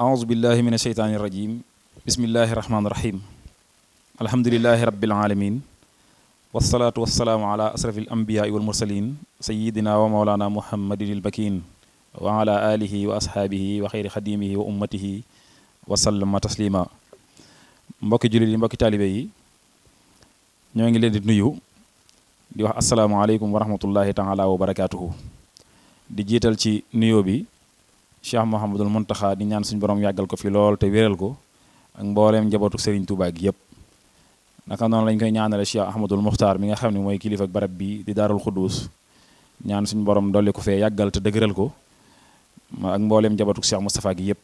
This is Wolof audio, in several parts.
أعوذ بالله من الشيطان الرجيم بسم الله الرحمن الرحيم الحمد لله رب العالمين والصلاة والسلام على أشرف الأنبياء والمرسلين سيدنا ومولانا محمد البكين وعلى آله وأصحابه وخير خديمه وأمته وسلم تسليما mbokki jullit yi mbokki taalibe yi ñoo ngi leen di nuyu di wax asalaamaaleykum wa rahmatullahi taala wa barakaatuhu di jiital ci nuyoo bi Cheikh Mouhamadul Mountakha di ñaan suñu borom yàggal ko fi lool te wéral ko ak mbooleem njabootu Serigne Touba gi yëpp naka noonu lañ koy ñaanale Cheikh Ahmadul Muxtaar mi nga xam ne mooy kilifa barab bi di daarul Xudduus ñaan suñu borom dolli ko fee yàggal te dëgëral ko ak mbooleem njabootu Cheikh Moustapha gi yëpp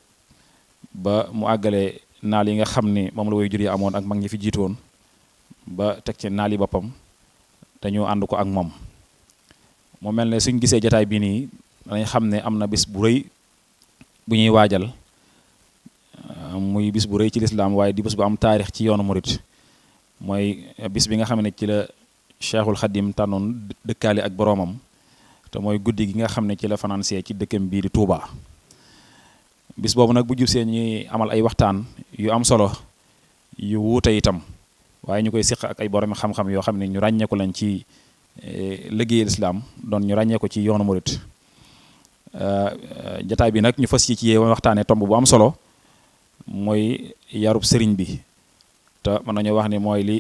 ba mu àggale naal yi nga xam ne moom la way jur yi amoon ak mag ñi fi jiitu ba teg ci naal boppam te ànd ko ak moom mu mel ne suñ gisee jataay bii nii dañ xam ne am na bis bu rëy bu ñuy waajal euh, muy bis bu rëy ci lislaam waaye di bis bu am taarix ci yoonu murit mooy bis bi nga xam ne ci la cheikhul xadim tanoon dëkkaale ak boroomam te mooy guddi gi nga xam ne ci la financé ci dëkkam bii di Touba. bis boobu nag bu jub see ñuy amal ay waxtaan yu am solo yu wuute itam waaye ñu koy siq ak ay boromi xam-xam yoo xam ne ñu ràññeeku lañ ci euh, liggéey lislaam doon ñu ràññeeku ci yoonu murit Euh, jataay bi nag ñu fas yi ci waxtaanee tomb bu am solo mooy yarub sëriñ bi te mën nañu wax ni mooy li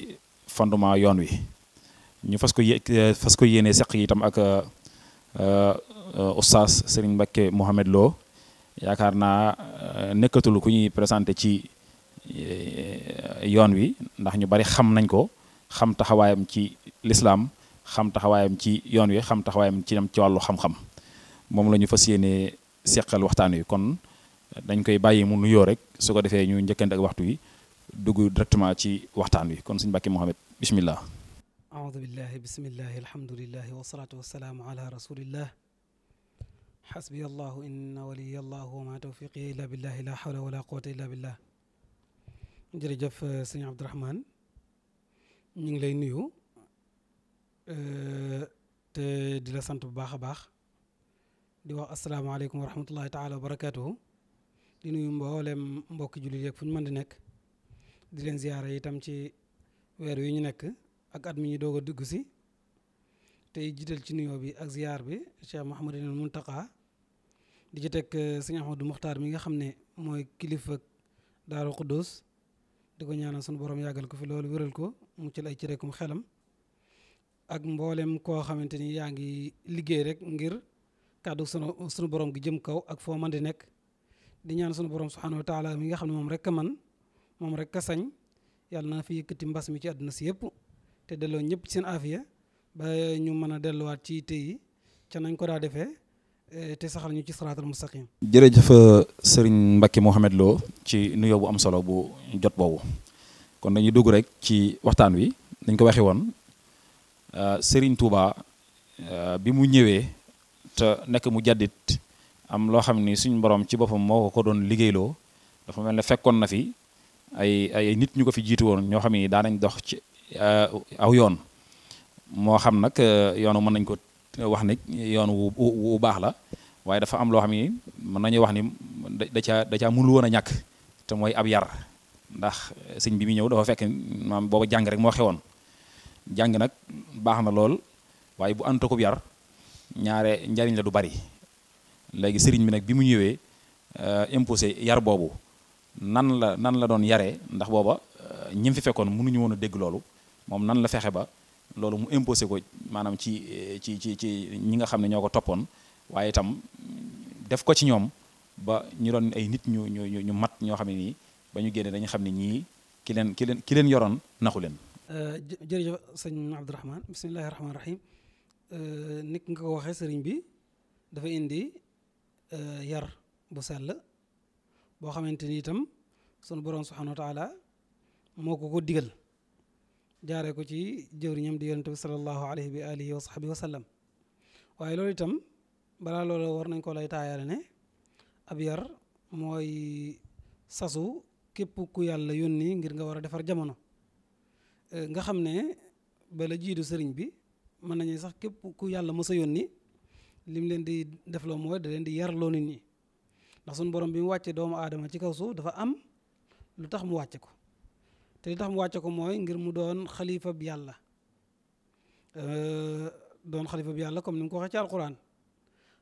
fondement yoon wi ñu fas ko yé euh, fas ko itam ak euh, oustaz sëriñ Mbacké Mouhamed Lo yaakaar naa nekkatul ku ñuy présenté ci yoon wi ndax ñu bari xam nañ ko xam taxawaayam ci lislaam xam taxawaayam ci yoon wi xam taxawaayam ci dem ci wàllu xam-xam moom la ñu fas yéenee seqal waxtaan wi kon dañ koy bàyyi mu nuyoo rek su ko defee ñu njëkkante ak waxtu wi dugg directement ci waxtaan wi kon suñu Mbàkke Mohamed bismillah aoudu billahi bismillahi alhamdulillahi wasalaatu wasalaamu ala rasulillah xasbi allahu inna waliya allahu wa ma tawfiqi illa billahi la hawla wala quwata illa billah jërëjëf eh, sëñ Abdourahmane ñu ngi lay nuyu eh, te di la sant bu baax a baax di wax asalaamaaleykum wa rahmatullahi taala wa barakaatuhu di nuyu mboolem mbokki jullit yeeg fu ñu mën di nekk di leen ziyaara yitam ci weer wi ñu nekk ak at mi ñu doog a dugg si tey jiital ci nuyoo bi ak ziyaar bi Cheikh Mouhamadul Mountakha di ci teg eh, sëñ Ahmadu Muxtaar mi nga xam ne mooy kilifa Daaru Xuddoos di ko ñaanal sunu borom yàggal ko fi loolu wéral ko muccal ay ci rekum xelam ak mboolem koo xamante ni yaa ngi liggéey rek ngir. kàddu sunu sunu boroom gi jëm kaw ak foo man di nekk di ñaan sunu borom subhanahu wa taala mi nga xam ne moom rek a man moom rek a sañ yàlla na fi yëkkati mbas mi ci àdduna si yëpp te delloo ñëpp seen afiya ba ñu mën a delluwaat ci yitte yi ca nañ ko daa defee eh, te saxal ñu ci siraatal mustaqim jërëjëf eh, sëriñ Mbacke Mouhamed Lo ci nuyoo bu am solo bu jot boobu kon dañuy dugg rek ci waxtaan wi dañ ko waxee woon eh, sëriñ tuuba bi mu ñëwee. te nekk mu jaddit am loo xam ni suñ borom ci boppam moo ko doon liggéeyloo dafa mel ne fekkoon na fi ay ay nit ñu ko fi jiitu woon ñoo xam ni daan nañ dox ci eh, aw yoon moo xam nag eh, yoonu mën nañ ko wax ni yoon wu wu baax la waaye dafa am loo xam ni mën nañuy wax ni da caa da caa mënul woon a ñàkk te mooy ab yar ndax sëñ bi mu ñëw dafa fekk maam booba jàng rek moo xewoon jàng nag baax na lool waaye bu ànd ko yar ñaare njariñ la du bari léegi sëriñ bi nag bi mu ñëwee euh, imposé yar boobu nan la nan la doon yaree ndax booba euh, ñim fi fekkoon mënuñu woon a dégg loolu moom nan la fexe ba loolu mu imposé ko maanaam ci euh, ci ci ci ñi nga xam ne ñoo ko toppoon waaye itam def ko ci ñoom ba ñu doon ay nit ñu ñu ñu mat ñoo xam ne nii ba ñu génnee dañu xam ne ñii ki leen ki leen ki leen yoroon naxu leen. jërëjëf sëñ Abdourahmane bismillahi rahmaani rahim. Euh, nit nga ko waxee sëriñ bi dafa indi euh, yar bu sell boo xamante ni itam sunu borom subhanahu wa moo ko ko digal jaaree ko ci jëwriñam di yonente bi salallahu alayhi bi alihi wa waaye loolu itam balaa loolu war nañ ko lay taayaale ne ab yar mooy sasu képp ku yàlla nii ngir nga war a defar jamono euh, nga xam ne bala jiitu sëriñ bi mën nañu sax képp ku yàlla mës a yónni lim leen di defloo mooy da leen di yarloo nit ñi ndax suñu borom bi mu wàccee doomu aadama ci kaw suuf dafa am lu tax mu wàcce ko te li tax mu wàcce ko mooy ngir mu doon xalifa bu yàlla doon xalifa yàlla comme ni mu ko waxee ci alquran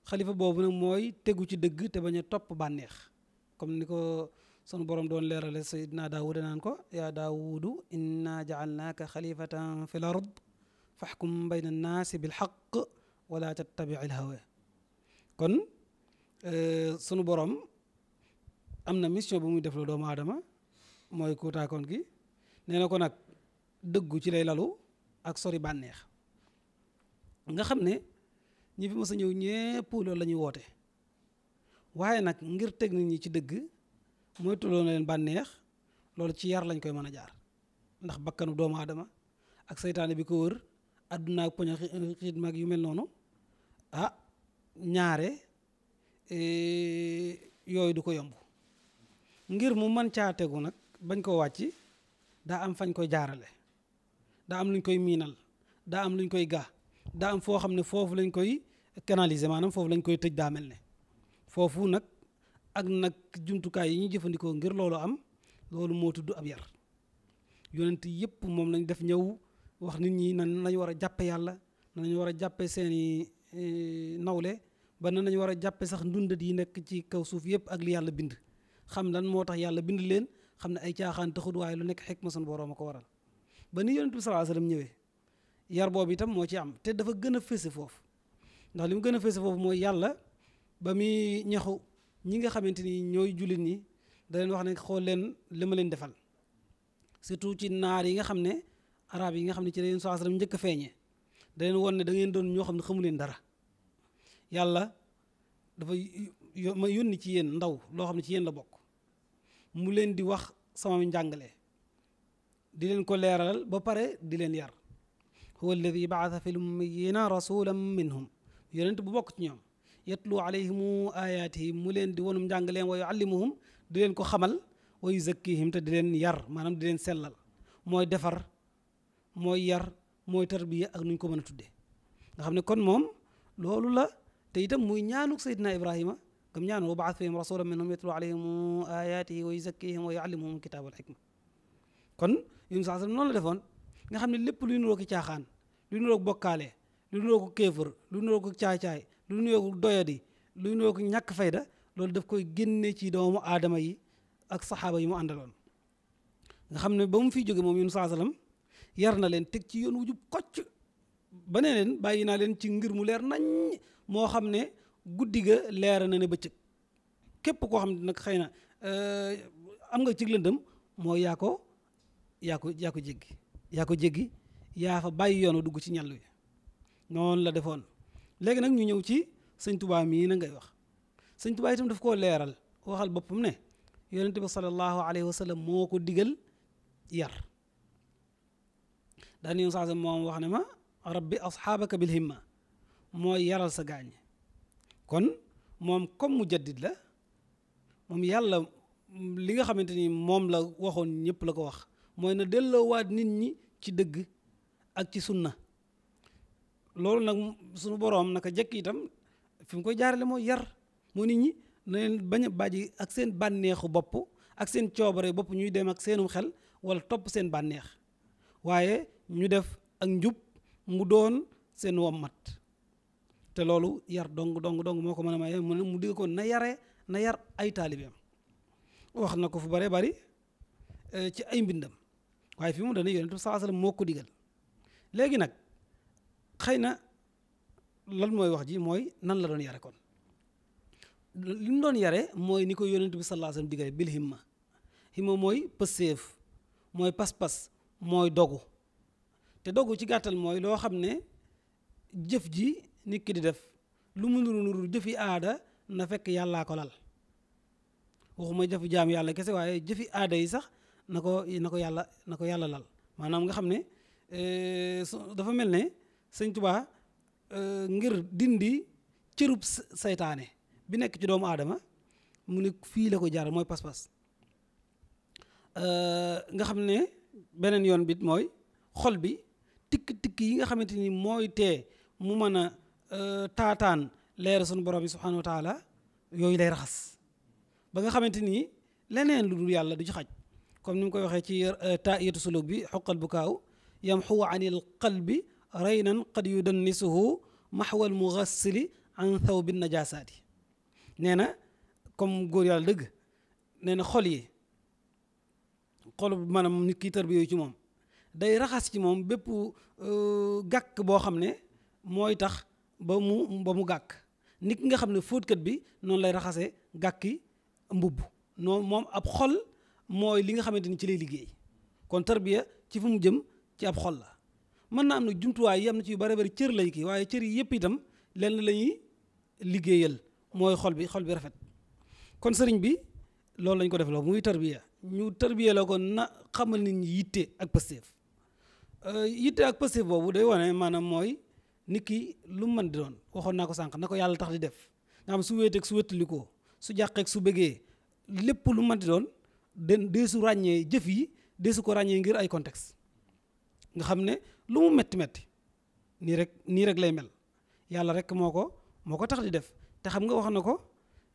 xalifa boobu nag mooy tegu ci dëgg te bañ a topp bànneex comme ni ko sunu borom doon leerale sayidna daawuda naan ko yaa daawudu inna jaalnaaka xalifatan fil ard faxkum na naasi bil xaq wala tattabi il hawa kon euh, sunu boroom am na mission bu muy def la doomu aadama mooy kuutaakoon gi nee na ko nag dëggu ci lay lalu ak sori bànneex nga xam ne ñi fi mës a ñëw ñépp loolu la ñuy woote waaye nag ngir teg nit ñi ci dëgg mooy tulloo na leen bànneex loolu ci yar lañ koy mën a jaar ndax bakkanu doomu aadama ak seytaane bi ko wër àdduna ak poña eh, xiit mag yu mel noonu ah ñaare eh, yooyu du ko yomb ngir mu mën caa tegu nag bañ ko wàcc daa am fañ koy jaarale daa am luñ koy miinal daa am luñ koy ga daa am foo xam ne foofu lañ koy canaliser maanaam foofu lañ koy tëj daa mel ne foofu nag ak nag jumtukaay yi ñuy jëfandikoo ngir loolu am loolu moo tudd ab yar yonent yëpp moom lañ def ñëw wax nit ñi nan lañu war a jàppe yàlla nan lañu war a jàppe seeni e, nawle ba nan lañu war a jàppe sax ndundat yi nekk ci kaw suuf yëpp ak li yàlla bind xam lan moo tax yàlla bind leen xam ne ay caaxaan taxut waaye lu nekk xikma sun boroom a ko waral ba ni yonent bi sallallahu alayhi wasallam ñëwee yar boobu itam moo ci am te dafa gën a fëse foofu ndax li mu gën a fese foofu mooy yàlla ba muy ñaxu ñi nga xamante ni ñooy jullit ñi daleen wax ne xool leen li ma leen defal surtout ci naar yi nga arab yi nga xam ne ci la yéen saa sallam njëkk a feeñee won ne da ngeen doon ñoo xam ne xamu leen dara yàlla dafa ma yónni ci yéen ndaw loo xam ne ci yéen la bokk mu leen di wax sama njàngale di leen ko leeralal ba pare di leen yar huwa alladi baata fi lummiyina rasulan minhum yonent bu bokk ci ñoom yatlu alayhim ayatihim mu leen di wonum njàngaleen wa yuallimuhum di leen ko xamal wa yuzakkihim te di leen yar maanaam di leen sellal mooy defar mooy yar mooy tarbiya ak nuñ ko mën a tuddee nga xam ne kon moom loolu la tey itam muy ñaanuk Seydina Ibrahima gam ñaan wa baas fihim rasulan minhum yatlu alayhim ayatihi wa yuzakkihim wa yuallimuhum alkitaba wal kon yum saa defoon nga xam ne lépp luy nuroo ki caaxaan luy nuroo bokkaale luy nuroo ko kéefër luy nuroo ko caay-caay luy nuroo doyadi luy nuroo ko ñàkk fayda loolu daf koy génne ci doomu aadama yi ak saxaaba yi mu àndaloon nga xam ne ba mu fi jóge moom yun saa yar na leen teg ci yoon wu kocc ba ne leen bàyyi naa leen ci ngir mu leer nañ moo xam ne guddi ga leera na ne ba bëccëg képp koo xam ne nag xëy na euh, am nga ci lëndëm moo yaako ko yaa ko yaa ko yaa ko jéggi yaa fa bàyyi yoon dugg ci ñàll wi noonu la defoon léegi nag ñu ñëw ci sëñ tubaa mii na ngay wax sëñ tubaa itam daf koo leeral waxal boppam ne yonente bi sallallahu alayhi wa moo ko digal yar daan yoon sax moom wax ne ma rabbi asxaabaka bil himma moo yaral sa gaañ kon moom comme mu jaddid la moom yàlla li nga xamante ni moom la waxoon ñëpp la ko wax mooy na delloowaat nit ñi ci dëgg ak ci sunna loolu nag suñu boroom naka jekk itam fi mu koy jaarale mooy yar moo nit ñi na bañ a bàjji ak seen bànneexu bopp ak seen coobare bopp ñuy dem ak seenum xel wala topp seen bànneex waaye ñu def ak njub mu doon seen wom wommat te loolu yar dong dong dong moo ko mën a maye mu ne mu digg koon na yare na yar ay taalibeem wax na ko fu bare bari e, ci ay mbindam waaye fi mu dana yonent bi saa sallam moo ko digal léegi nag xëy na lan mooy wax ji mooy nan la doon yare kon li mu doon yare mooy ni ko yonent bi sallallahu alayhi wasallam digale bil himma himma mooy pëseef mooy pas-pas mooy dogu te dogu ci gàttal mooy loo xam ne jëf ji nit ki di def lu mu nuru nuru jëfi aada na fekk yàllaa ko lal waxuma jafu jaam yàlla kese waaye jëfi aada yi sax na ko na ko yàlla na ko yàlla lal maanaam nga xam ne e, dafa mel ne sëñ tubaa e, ngir dindi cërub seytaane bi nekk ci doomu aadama mu ne fii la ko jaar mooy pas-pas e, nga xam ne beneen yoon bit mooy xol bi tikk-tikk yi nga xamante ni mooy te mu mën a euh, taataan leer sunu borom bi subhanahu wa taala yooyu lay raxas ba nga xamante ni leneen lu dul yàlla du ci xaj comme ni mu koy waxee ci euh, taayatu suluk bi kaaw yam xoqal bukaaw yamxu anil qalbi raynan qad yudannisuhu maxwal mugassili an thawbi najasaati nee na comme góor yàlla dëgg nee xol yi xol maanaam nit ki tër bi yooyu ci moom day raxas ci moom bépp euh, gàkk boo xam ne mooy tax ba mu ba mu gàkk nit ki nga xam ne fóotkat bi noonu lay raxasee gàkki mbubb noonu moom ab xol mooy li nga xamante ni ci lay liggéey kon tarbiya ci fu mu jëm ci ab xol la mën naa am nag jumtuwaay yi am na ci yu bari bari cër lay ki waaye cër yi yëpp itam lenn lañuy liggéeyal mooy xol bi xol bi rafet kon sëriñ bi loolu lañ ko def loo muy tarbiya ñu tarbiya la ko na xamal nit ñi yitte ak pasteef Euh, yitte ak passif boobu day wane maanaam mooy nit ki lu mu mën di doon waxoon naa ko sànq na ko yàlla tax di def nga xam su wéeteeg su wéttalikoo su jàqeeg su bëggee lépp lu mën di doon den deesu ràññee jëf yi deesu ko ràññee ngir ay contexte nga xam ne lu mu metti metti nii rek nii rek lay mel yàlla rek moo ko moo ko tax di def te xam nga wax na ko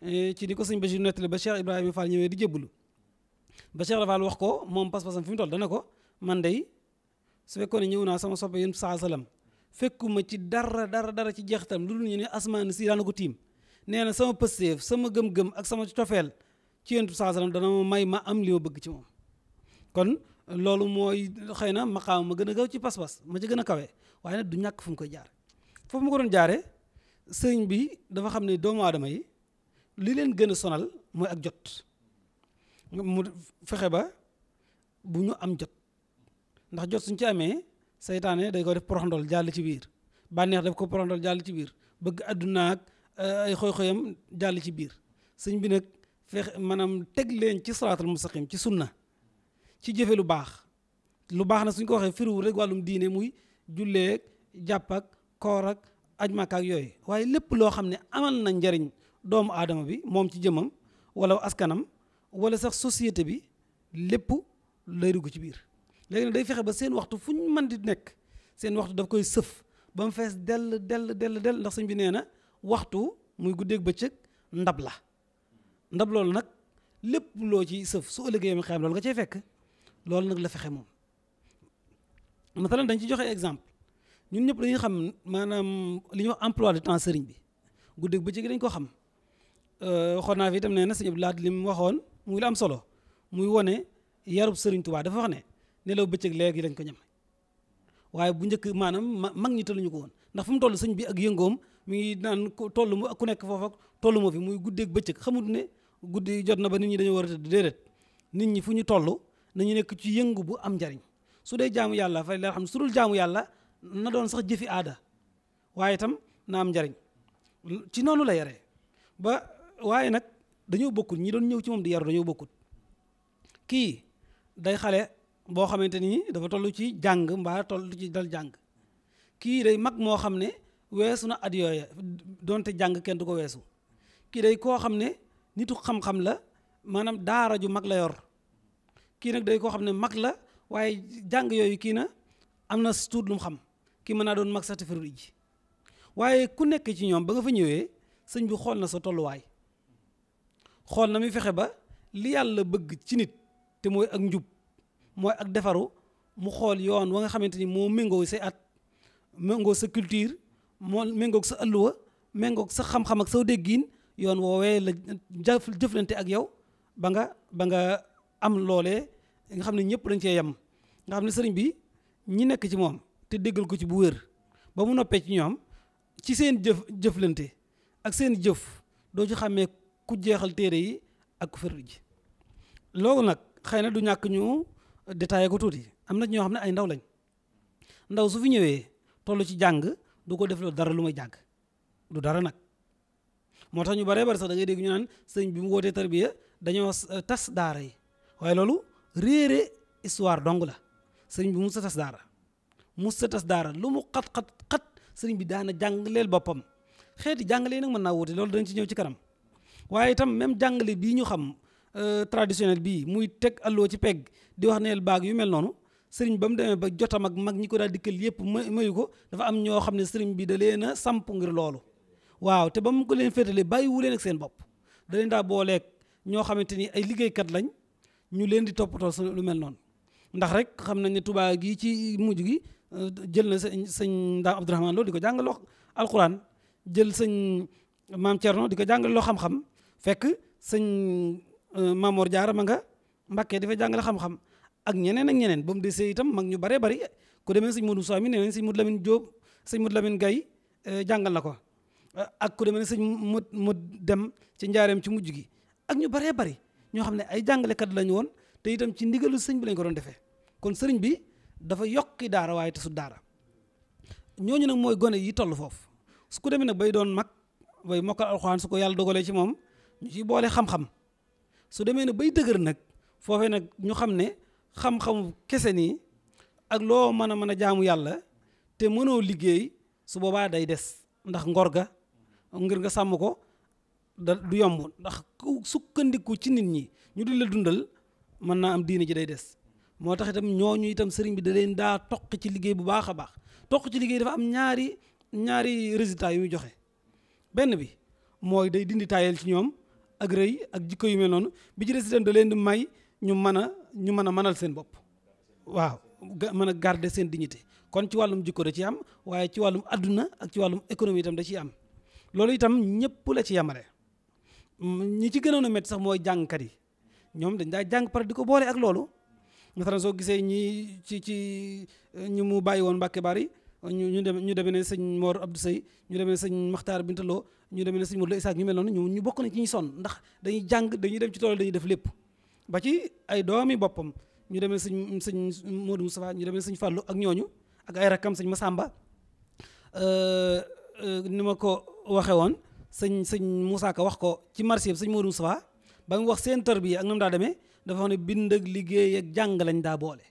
eh, ci ni ko sëñ Bachir nettali ba Cheikh Ibrahima Fall ñëwee di jébbalu ba Cheikh Fall wax ko moom pas-pasam fi mu toll dana ko man day su fekkoon ñëw naa sama soppe yéen saa salaam fekkuma ci dara dara dara ci jeexitam lu ñu ne asmaan si daana ko tiim nee na sama pësteef sama gëm-gëm ak sama cofeel ci yéen saa salaam may ma am li bëgg ci moom kon loolu mooy xëy na maqaam ma gën a gaw ci pas-pas ma ci gën a kawe waaye nag du ñàkk fu mu koy jaare foofu ma ko doon jaare sëñ bi dafa xam ne doomu aadama yi li leen gën a sonal mooy ak jot mu fexe ba bu ñu am jot ndax jot suñ ci amee seytaane dañ ko def poroxndol jàll ci biir bànneex daf ko poroxndol jàll ci biir bëgg àdduna ak eh, ay xoy jàll ci biir sëñ bi nag fexe maanaam teg leen ci siraatal mustaqim ci na ci jëfe lu baax lu baax na suñ ko waxee firiwul rek wàllum diine muy julleeg jàpp ak koor aj Makka yooyu waaye lépp loo xam ne amal na njariñ doomu aadama bi moom ci jëmam wala askanam wala sax société bi lépp lay dugg ci biir léegi nag day fexe ba seen waxtu fu ñu mën di nekk seen waxtu daf koy sëf ba mu fees dell dell dell dell ndax sëñ bi nee na waxtu muy guddeeg bëccëg ndab la ndab loolu nag lépp loo ci sëf su ëllëgee mi xeem loolu nga cay fekk loolu nag la fexe moom matalan dañ ci joxe exemple ñun ñëpp dañuy xam maanaam li ñuy wax emploi de temps sëriñ bi guddeeg bëccëg dañ ko xam waxoon euh, naa fi itam nee na sëñ Abdou Lahad li mu waxoon muy la am solo muy wone yarub sëriñ Tuubaa dafa wax ne nelaw bëccëg léegi lañ ko ñeme waaye bu njëkk maanaam mag ñi tëluñu ko woon ndax fu mu toll sëñ bi ak yëngoom mi ngi naan tollu mu ku nekk foofa tollu moo fi muy guddeeg bëccëg xamut ne guddi jot na ba nit ñi dañoo war a tëdd déedéet nit ñi fu ñu toll nañu nekk ci yëngu bu am njariñ su dee jaamu yàlla fa la xam su dul jaamu yàlla na doon sax jëfi aada waaye itam na am njariñ ci noonu la yaree ba waaye nag dañoo bokkut ñi doon ñëw ci moom di yaru bokkut boo xamante ni dafa toll ci jàng mbaa toll ci dal jàng kii day mag moo xam ne weesu na at yooya donte jàng kenn du ko weesu kii day koo xam ne nitu xam-xam la maanaam daara ju mag la yor kii nag day koo xam ne mag la waaye jàng yooyu kii na am na tuut lum xam kii mën naa doon mag certificat ji waaye ku nekk ci ñoom ba nga fa ñëwee sëñ bi xool na sa tolluwaay xool na muy fexe ba li yàlla bëgg ci nit te mooy ak njub mooy ak defaru mu xool yoon wa nga xamante ni moo méngoo say at méngoo sa culture moo méngoog sa ëlluwa méngoog sa xam-xam ak soo déggiin yoon woo woowee la jëflante ak yow ba nga ba nga am loolee nga xam ne ñëpp dañ cee yem nga xam ne sëriñ bi ñi nekk ci moom te déggal ko ci bu wér ba mu noppee ci ñoom ci seen jëf jëflante ak seen jëf doo ci xàmmee ku jeexal téere yi ak ku fër ji loolu nag xëy na du ñàkk ñu détaillé ko tuuti am na ñoo xam ne ay ndaw lañ ndaw su fi ñëwee toll ci jàng du ko def loolu dara lu may jàng du dara nag moo tax ñu bare bari sax da ngay dégg ñu naan sëñ bi mu wootee tarbiya dañoo tas daara yi waaye loolu réere histoire dong la sëñ bi mus sa tas daara mus sa tas daara lu mu xat xat xat sëñ bi daana leel boppam xeeti jàngale yi nag mën naa wuute loolu dañ ci ñëw ci kanam waaye itam même jàngale bii ñu xam Euh, traditionnel bii muy teg alloo ci peg di wax neel baag yu mel noonu sëriñ ba mu demee ba jotam ak mag ñi ko daal dikkal yëpp mayu ko dafa am ñoo xam ne sëriñ bi da leen a samp ngir loolu waaw te ba mu ko leen féetalee bàyyiwu leen ak seen bopp da leen daa booleeg ñoo xamante ni ay liggéeykat lañ ñu leen di toppatoo sa lu mel noonu ndax rek xam nañ ne Tuubaa gi ci mujj gi euh, jël na sëñ sëñ Ndaam Abdourahmane Lo di ko jàngaloo alquran jël sëñ maam Thierno di ko jàngaloo xam-xam fekk sëñ Euh, Mamor Diarra ma nga mbakkee dafa jàngale xam-xam ak ñeneen ak ñeneen ba mu desee itam mag ñu baree bari ku demee sëñ Modou Sow mi nee nañ sëñ Modou Lamine sëñ Modou Lamine Gaye euh, jàngal na ko euh, ak ku demee ne sëñ mu dem ci njaareem ci mujj gi ak ñu baree bari ñoo xam ne ay jàngalekat lañu woon te itam ci ndigalu sëñ bi lañ ko doon defee kon sëriñ bi dafa yokki daara waaye te su daara ñooñu nag mooy gone yi toll foofu su ko demee nag bay doon mag bay mokkal alxuraan su ko yàlla dogalee ci moom ñu ci boole xam-xam su demee ne bay dëgër nag foofee nag ñu xam ne xam-xamu kese nii ak loo mën a mën a jaamu yàlla te mënoo liggéey su boobaa day des ndax ngor ga ngir nga sàmm ko da du yomb ndax sukkandiku ci nit ñi ñu di la dundal mën naa am diine ji day des moo tax itam ñooñu itam sëriñ bi da leen daa toq ci liggéey bu baax a baax toq ci liggéey dafa am ñaari ñaari résultats yu muy joxe benn bi mooy day dindi taayal ci ñoom ak rëy ak jikko yu mel noonu bi ci des itam da leen di may ñu mën a ñu mën a mënal seen bopp waaw mën a garder seen dignité kon ci wàllum jikko da ci am waaye ci wàllum adduna ak ci wàllum économie itam da ciy am loolu itam ñëpp la ci yamale ñi ci gënoon a métti sax mooy jàngkat yi ñoom dañ daa jàng pare di ko boole ak loolu masalan soo gisee ñi ci ci ñi mu bàyyi woon Mbàkke Bari ñu ñu dem ñu demee ne sëñ Mor Abdou ñu demee ne sëñ Maxtaar Bintaloo ñu demee ne sëñ Modou Isaac ñu mel noonu ñu bokk na ci ñi sonn ndax dañuy jàng dañuy dem ci tool dañuy def lépp ba ci ay doomi boppam ñu demee sëñ sëñ Modou Moustapha ñu demee sëñ Fallou ak ñooñu ak ay rakkam sëñ Massamba euh, euh, ni ma ko waxee woon sëñ sëñ Moussa Ka wax ko ci marché sëñ Modou Moustapha ba mu wax seen tër bi ak nam daa demee dafa wax ne bind ak liggéey ak jàng lañ daa boole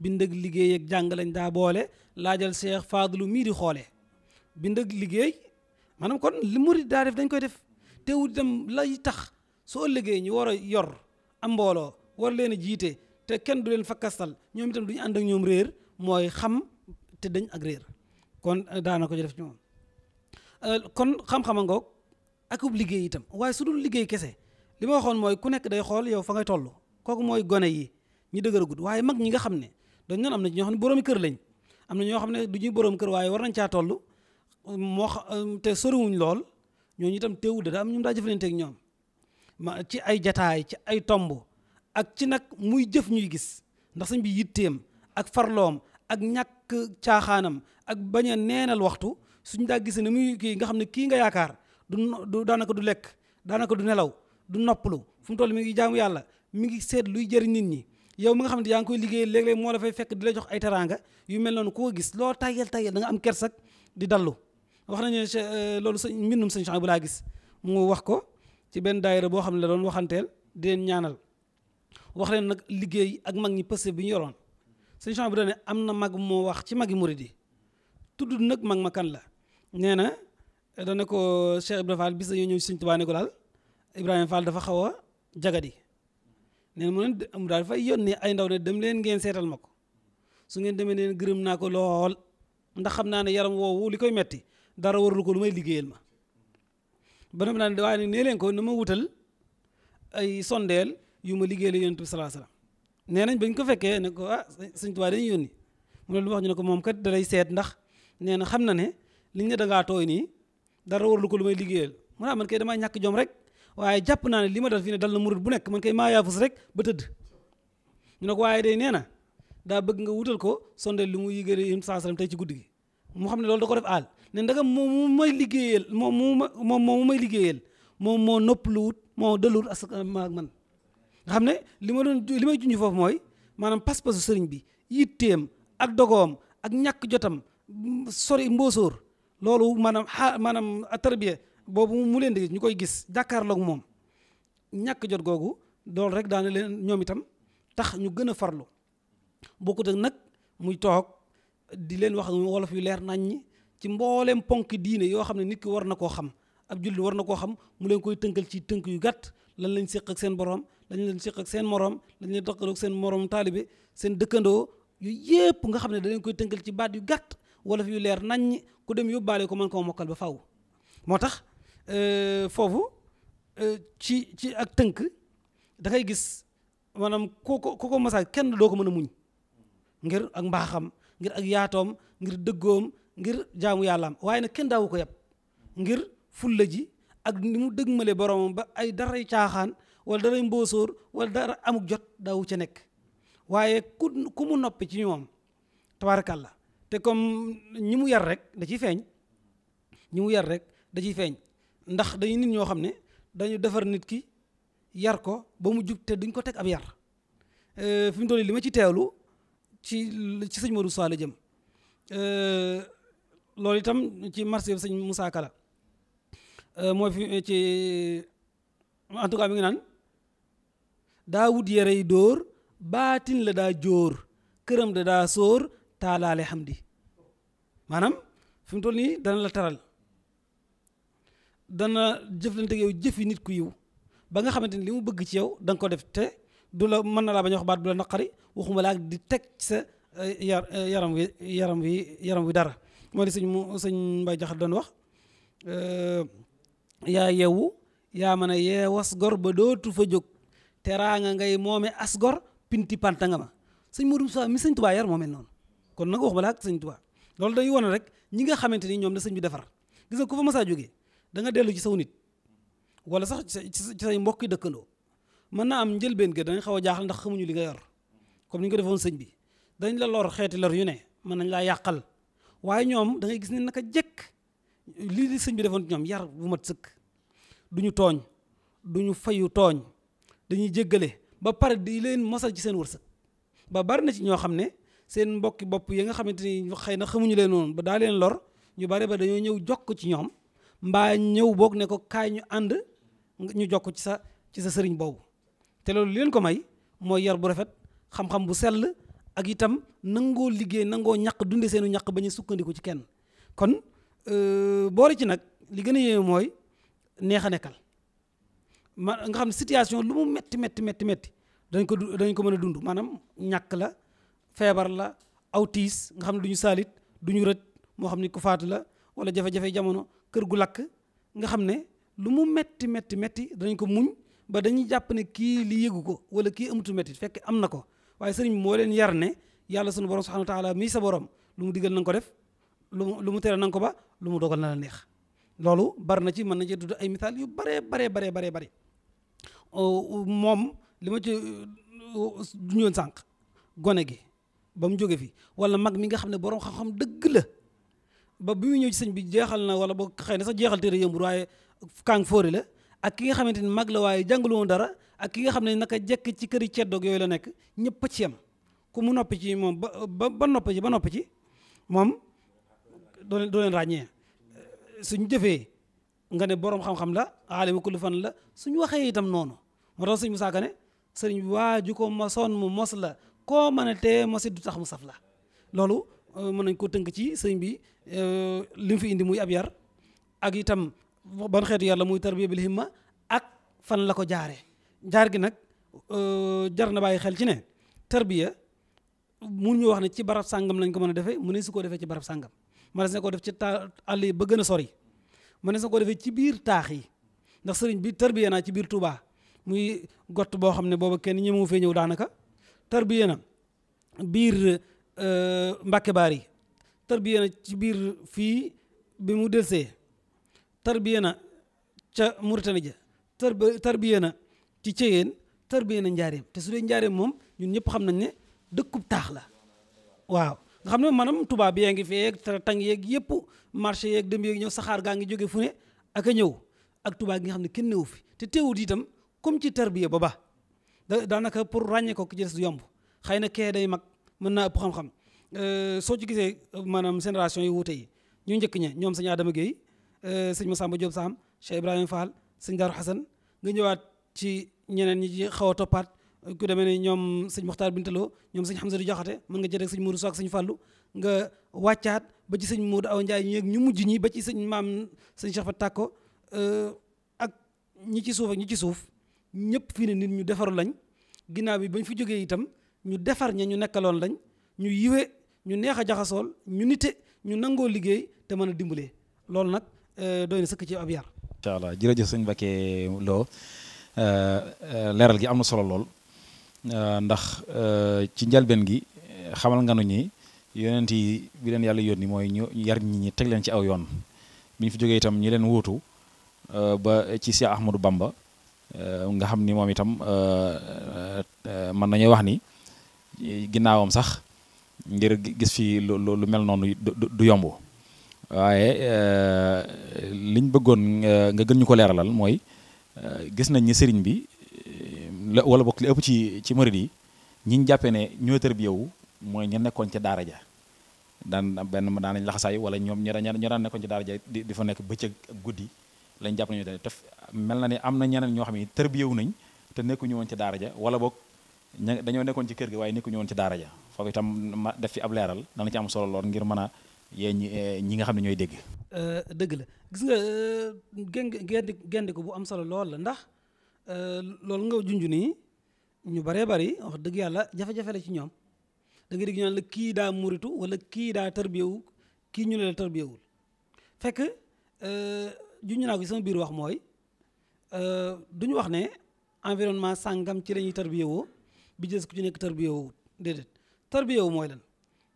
bind ak liggéey ak jàng lañ daa boole laajal Cheikh Fadlu mii di xoole bind ak liggéey maanaam kon li murid daa def dañ koy def teewul tam lay tax soo liggéey ñu war a yor a mbooloo war leen a jiite te kenn du leen fakkastal ñoom itam du ñu ànd ak ñoom réer mooy xam te dañ ak réer kon daana ko def ci moom euh, kon xam-xama ngoog akub liggéey itam waaye su dul liggéey kese li ma waxoon mooy ku nekk day xool yow fa ngay toll kooku mooy gone yi ñi dëgër gudd waaye mag ñi nga xam ne dañ noon am na ñoo xam ne boroomi kër lañ am na ñoo xam ne du ñuy boroom kër waaye war nañ caa toll moo xam euh, te soriwuñ lool ñooñu itam teewu da am ñu daa jëflante ak ñoom ma ci ay jataay ci ay tomb ak ci nag muy jëf ñuy gis ndax sëñ bi yitteem ak farloom ak ñàkk caaxaanam ak bañ a neenal waxtu suñ daa gisee ne muy kii nga xam ne nga yaakaar du daanaka du lekk daanaka du nelaw du noppalu fu mu toll mi ngi jaamu yàlla mi ngi seet luy jëriñ nit ñi yow mi nga xam ne yaa ngi koy liggéey léeg-léeg moo la fay fekk di la jox ay teraanga yu mel noonu koo gis loo tayal tayal da am kersak di dallu wax nañu ne euh, loolu sëñ mbindum sëñ bu laa gis mu wax ko ci benn daayira boo xam ne la doon waxanteel di leen ñaanal wax leen nag liggéey ak mag ñi pëse bi ñu yoroon sëñ Chouaïbou dañ ne am na mag moo wax ci magi murid yi tudd nag mag ma kan la nee na dana ko Cheikh Ibrahima Fall bis dañoo ñëw si sëñ Tuubaa ne ko daal Ibrahima Fall dafa xaw a jagadi nee mu ne daal dafay yónnee ay ndaw ne dem leen ngeen seetal ma ko su ngeen demee neen gërëm naa ko lool ndax xam naa ne yaram woowu li koy metti dara warul ko lu may liggéeyal ma ba noppi naan waaye nag ko na ma wutal ay sondeel yu ma liggéeyal yonent bi salaa salaam nee nañ bañ ko fekkee ne ko ah sëñ Tuubaa dañuy yónni mu wax ñu ne ko moom kat dalay seet ndax nee na xam na ne liñ ne dangaa tooy nii dara warul ko lu liggéeyal mu naa ah, man kay ñàkk jom rek waaye jàpp naa ne li ma dal ne dal na murit bu nekk man kay maa yaafus rek ba tëdd ñu ko waaye day nee na daa bëgg nga wutal ko sondeel li mu yigéel yonent bi salaa salaam tey ci guddi gi mu xam ne loolu da ko def aal ne ndagam moom mu may liggéeyal moom mu ma moom moo may liggéeyal moom moo noppaluwut moo delluwut as ma ak man nga xam ne li ma doon li may junj foofu mooy maanaam pas-pasu sëriñ bi yitteem ak dogoom ak ñàkk jotam sori mboosóor loolu maanaam xaa maanaam tarbiya boobu mu leen di ñu koy gis jàkkaarloog moom ñàkk jot googu loolu rek daana leen ñoom itam tax ñu gën a farlu bokkut ak nag muy toog di leen wax wolof yu leer naññi ci mbooleem ponk diine yoo xam ne nit ki war na koo xam ab julli war na koo xam mu leen koy tënkal ci tënk yu gàtt lan lañ séq ak seen boroom lañ leen séq ak seen morom lañ leen doqaloo ak seen morom taalibe seen dëkkandoo yu yépp nga xam ne danañ koy tënkal ci baat yu gàtt wala fi yu leer naññ ku dem yóbbaale ko man koo mokkal ba faw moo tax euh, foofu euh, ci ci ak tënk da gis maanaam ku ko ko masaa kenn doo ko mën a muñ ngir ak mbaaxam ngir ak yaatoom ngir ngir jaamu yàllaam waaye nag kenn daawu ko yab ngir fulla ji ak ni mu dëgmale boromam ba ay daray caaxaan wala daray mboosóor wala dara amuk jot daawu ca nekk waaye ku ku mu noppi ci ñoom tabaarakàlla te comme ñi mu yar rek da ciy feeñ ñi yar rek da ciy feeñ ndax dañu nit ñoo xam ne dañu defar nit ki yar ko ba mu jub te diñ ko teg ab yar euh, fi mu toll li ma ci teewlu ci ci sëñ Modou Sall jëm euh, loolu itam ci marché bi sëñ Moussa Kala euh, mooy fi euh, ci euh, en tout cas ngi naan daa wut yi door baatin la daa jóor këram da daa sóor taalaale xam di maanaam fi mu toll nii dana la taral dana jëflante yow jëfi nit ku yiw ba nga xamante ni li mu bëgg ci yow da nga ko def te du la mën na laa bañ a wax baat du la naqari waxuma laa di teg sa yar yaram wi yaram wi yaram wi dara moo di sëñ sëñ Mbay Jaxate doon wax euh, yaa yeewu yaa mën a yeewas gor ba dootu fa jóg teraanga ngay moome as gor pinti panta nga ma sëñ Modou Moussa mi sëñ Tuubaa yar moo mel noonu kon nag wax balaa ak sëñ Tuubaa loolu day wane rek ñi nga xamante ni ñoom da sëñ bi defar gis ko ku fa masaa jógee danga dellu ci saw nit wala sax ci say mbokki dëkkandoo mën na am njëlbeen ga danga xaw a jaaxal ndax xamuñu li nga yor comme ni nga defoon sëñ bi dañ la lor xeeti lor yu ne mën nañ laa yàqal waaye ñoom dangay gis ne naka jekk lii li sëñ bi defoon ñoom yar bu mat sëkk duñu tooñ duñu fayu tooñ dañuy jëggale ba pare di leen mosal ci seen wërsëg ba bari na ci ñoo xam ne seen mbokki bopp yi nga xamante ni xëy na xamuñu leen noonu ba daa leen lor ñu bari ba dañoo ñëw jokk ci ñoom mbaa ñëw boog ne ko kaay ñu ànd ñu jokk ci sa ci sa sëriñ boobu te loolu leen ko may mooy yar bu rafet xam-xam bu sell ak itam nangoo liggéey nangoo ñàq dunde seenu ñàq ba a sukkandiku ci kenn kon euh, boole ci nag li gën a yéeme mooy neex a nekkal ma nga xam ne situation lu mu metti metti metti dañ ko dañ ko mën a dund maanaam ñàkk la feebar la aw tiis nga xam ne du du ñu rët moo xam ni ku faatu la wala jafe jamono kër gu lakk nga xam ne lu mu metti metti metti danañ ko muñ ba dañuy jàpp ne kii li yëgu ko wala kii amutu metti fekk am na ko waaye sëriñ moo leen yar ne yàlla sunu borom subhanahu wa taala mii sa borom lu mu digal na nga ko def lu mu lu mu tere na ko ba lu mu dogal na la neex loolu bari na ci mën nañ cee ay misaal yu baree baree baree baree bari moom li ma ci du ñoon sànq gone gi ba mu jóge fi wala mag mi nga xam ne borom xam-xam dëgg la ba bi mu ñëw ci sëñ bi jeexal na wala boo xëy na sax jeexal téere yëmbur waaye kàng la ak ki nga xamante ni mag la waaye jàngalu dara ak ki nga xam ne naka jekk ci këri ceddoog yooyu la nekk ñëpp ci yem ku mu noppi ci moom ba ba ba noppi ci ba noppi ci moom doo leen doo suñ ràññee jëfee nga ne boroom xam-xam la aalimu kulli fan la suñu waxee itam noonu moo tax suñ mu saaka ne sëriñ bi waa ju ko mosoon mu mos la koo mën a tee mosi du tax mu saf la loolu euh, mën nañ koo tënk ci sëriñ bi euh, li mu fi indi muy ab yar ak itam ban xeetu yar la muy tarbiya la himma ak fan la ko jaaree jaar gi nag euh, jar na bàyyi xel ci ne tarbiya mun ñu wax ne ci barab sàngam lañ ko mën a defee mu ne su ko defee ci barab sàngam mënees na koo def ci ta àll yi ba gën a sori mënees na koo defee ci biir taax yi ndax sëriñ bi tarbiya naa ci biir Touba muy gott boo xam ne booba kenn ñëmu fee ñëw daanaka tarbiya na biir euh, Mbàkke Baar yi tarbiya na ci biir fii bi mu delsee tarbiya na ca Mauritanie ja tarbiya na ci ceyeen tarbiyee na njaareem te su dee njaareem moom ñun ñëpp xam nañ ne dëkkub taax la waaw nga xam ne maanaam tubaab yaa ngi fee tang yeeg yëpp marché yeeg dem yeeg ñëw saxaar gaa ngi jóge fu ne ak a ñëw ak tubaab gi nga xam ne kenn newu fi te teewut itam comme ci tarbiya ba ba daanaka pour ràññee ko ki ci du yomb xëy na kee day mag mën naa ëpp xam-xam euh, soo ci gisee euh, maanaam génération yi wuute yi ñu njëkk ña ñoom sëñ Adama Gueye euh, sëñ Massamba Diop Sam Cheikh Ibrahima Fall sëñ Darou Hassan nga ñeneen ñi ci xaw a toppaat ku demee ne ñoom sëñ Muxtaar Bintaloo ñoom sëñ Xamsatu Jaxate mën nga jëlee ak sëñ Moodu Sow ak sëñ Fàllu nga wàccaat ba ci sëñ Moodu Aw Njaay ñu ñu mujj ñi ba ci sëñ maam sëñ Cheikh Tàkko euh, ak ñi ci suuf ak ci suuf ñëpp fii ne nit ñu defaru lañ ginnaaw bi bañ fi jógee itam ñu defar ña ñu nekkaloon lañ ñu yiwe ñu neex a jaxasool ñu nite ñu nangoo liggéey te mën a dimbalee loolu nag euh, doy na sëkk ci ab yar. incha allah jërëjëf sëñ Mbacké Lo Euh, euh, leeral gi am na solo lool euh, ndax ci njalbeen gi xamal nga nu ñi yonent yi bi leen yàlla yoon yónni mooy ñu yar ñi teg leen ci aw yoon bi ñu fi jógee itam ñi leen wuutu ba ci si Ahmadou Bamba nga xam ni moom itam mën nañuy wax ni ginnaawam sax ngir gis fi lu lu mel noonu du yomb waaye liñ bëggoon nga gën ñu ko leeralal mooy Euh, gis nañ ni sëriñ bi la wala bokk li ëpp ci ci murid yi ñiñ jàppee ne ñoo tër yow mooy ña nekkoon ca daara ja daan benn daan nañ laxasaay wala ñoom ña daan nekkoon ci daara ja di fa nekk bëccëg ak guddi lañ jàpp nañu te mel na ni am na ñeneen ñoo xam ne tërbiyewu nañ te nekkuñu woon ci daara ja wala boog ña dañoo nekkoon ci kër gi waaye nekkuñu woon ci daara ja foofu itam ma def fi ab leeral dana ci am solo lool ngir mën a yee ñi eh, ñi nga xam ne ñooy dégg Euh, dëgg la gis nga euh, gendi gendiku bu am solo lool la ndax euh, loolu nga junj nii ñu baree bari wax dëgg yàlla jafe-jafe la ci ñoom da nga ñu naan kii daa muritu wala kii daa tarbiyewu kii ñu ne la tarbiyewul fekk junj naa ko ci sama biir wax mooy du ñu wax ne environnement sàngam ci la ñuy tarbiyewoo bi jës ku ci nekk tarbiyewoo déedéet tarbiyewu mooy lan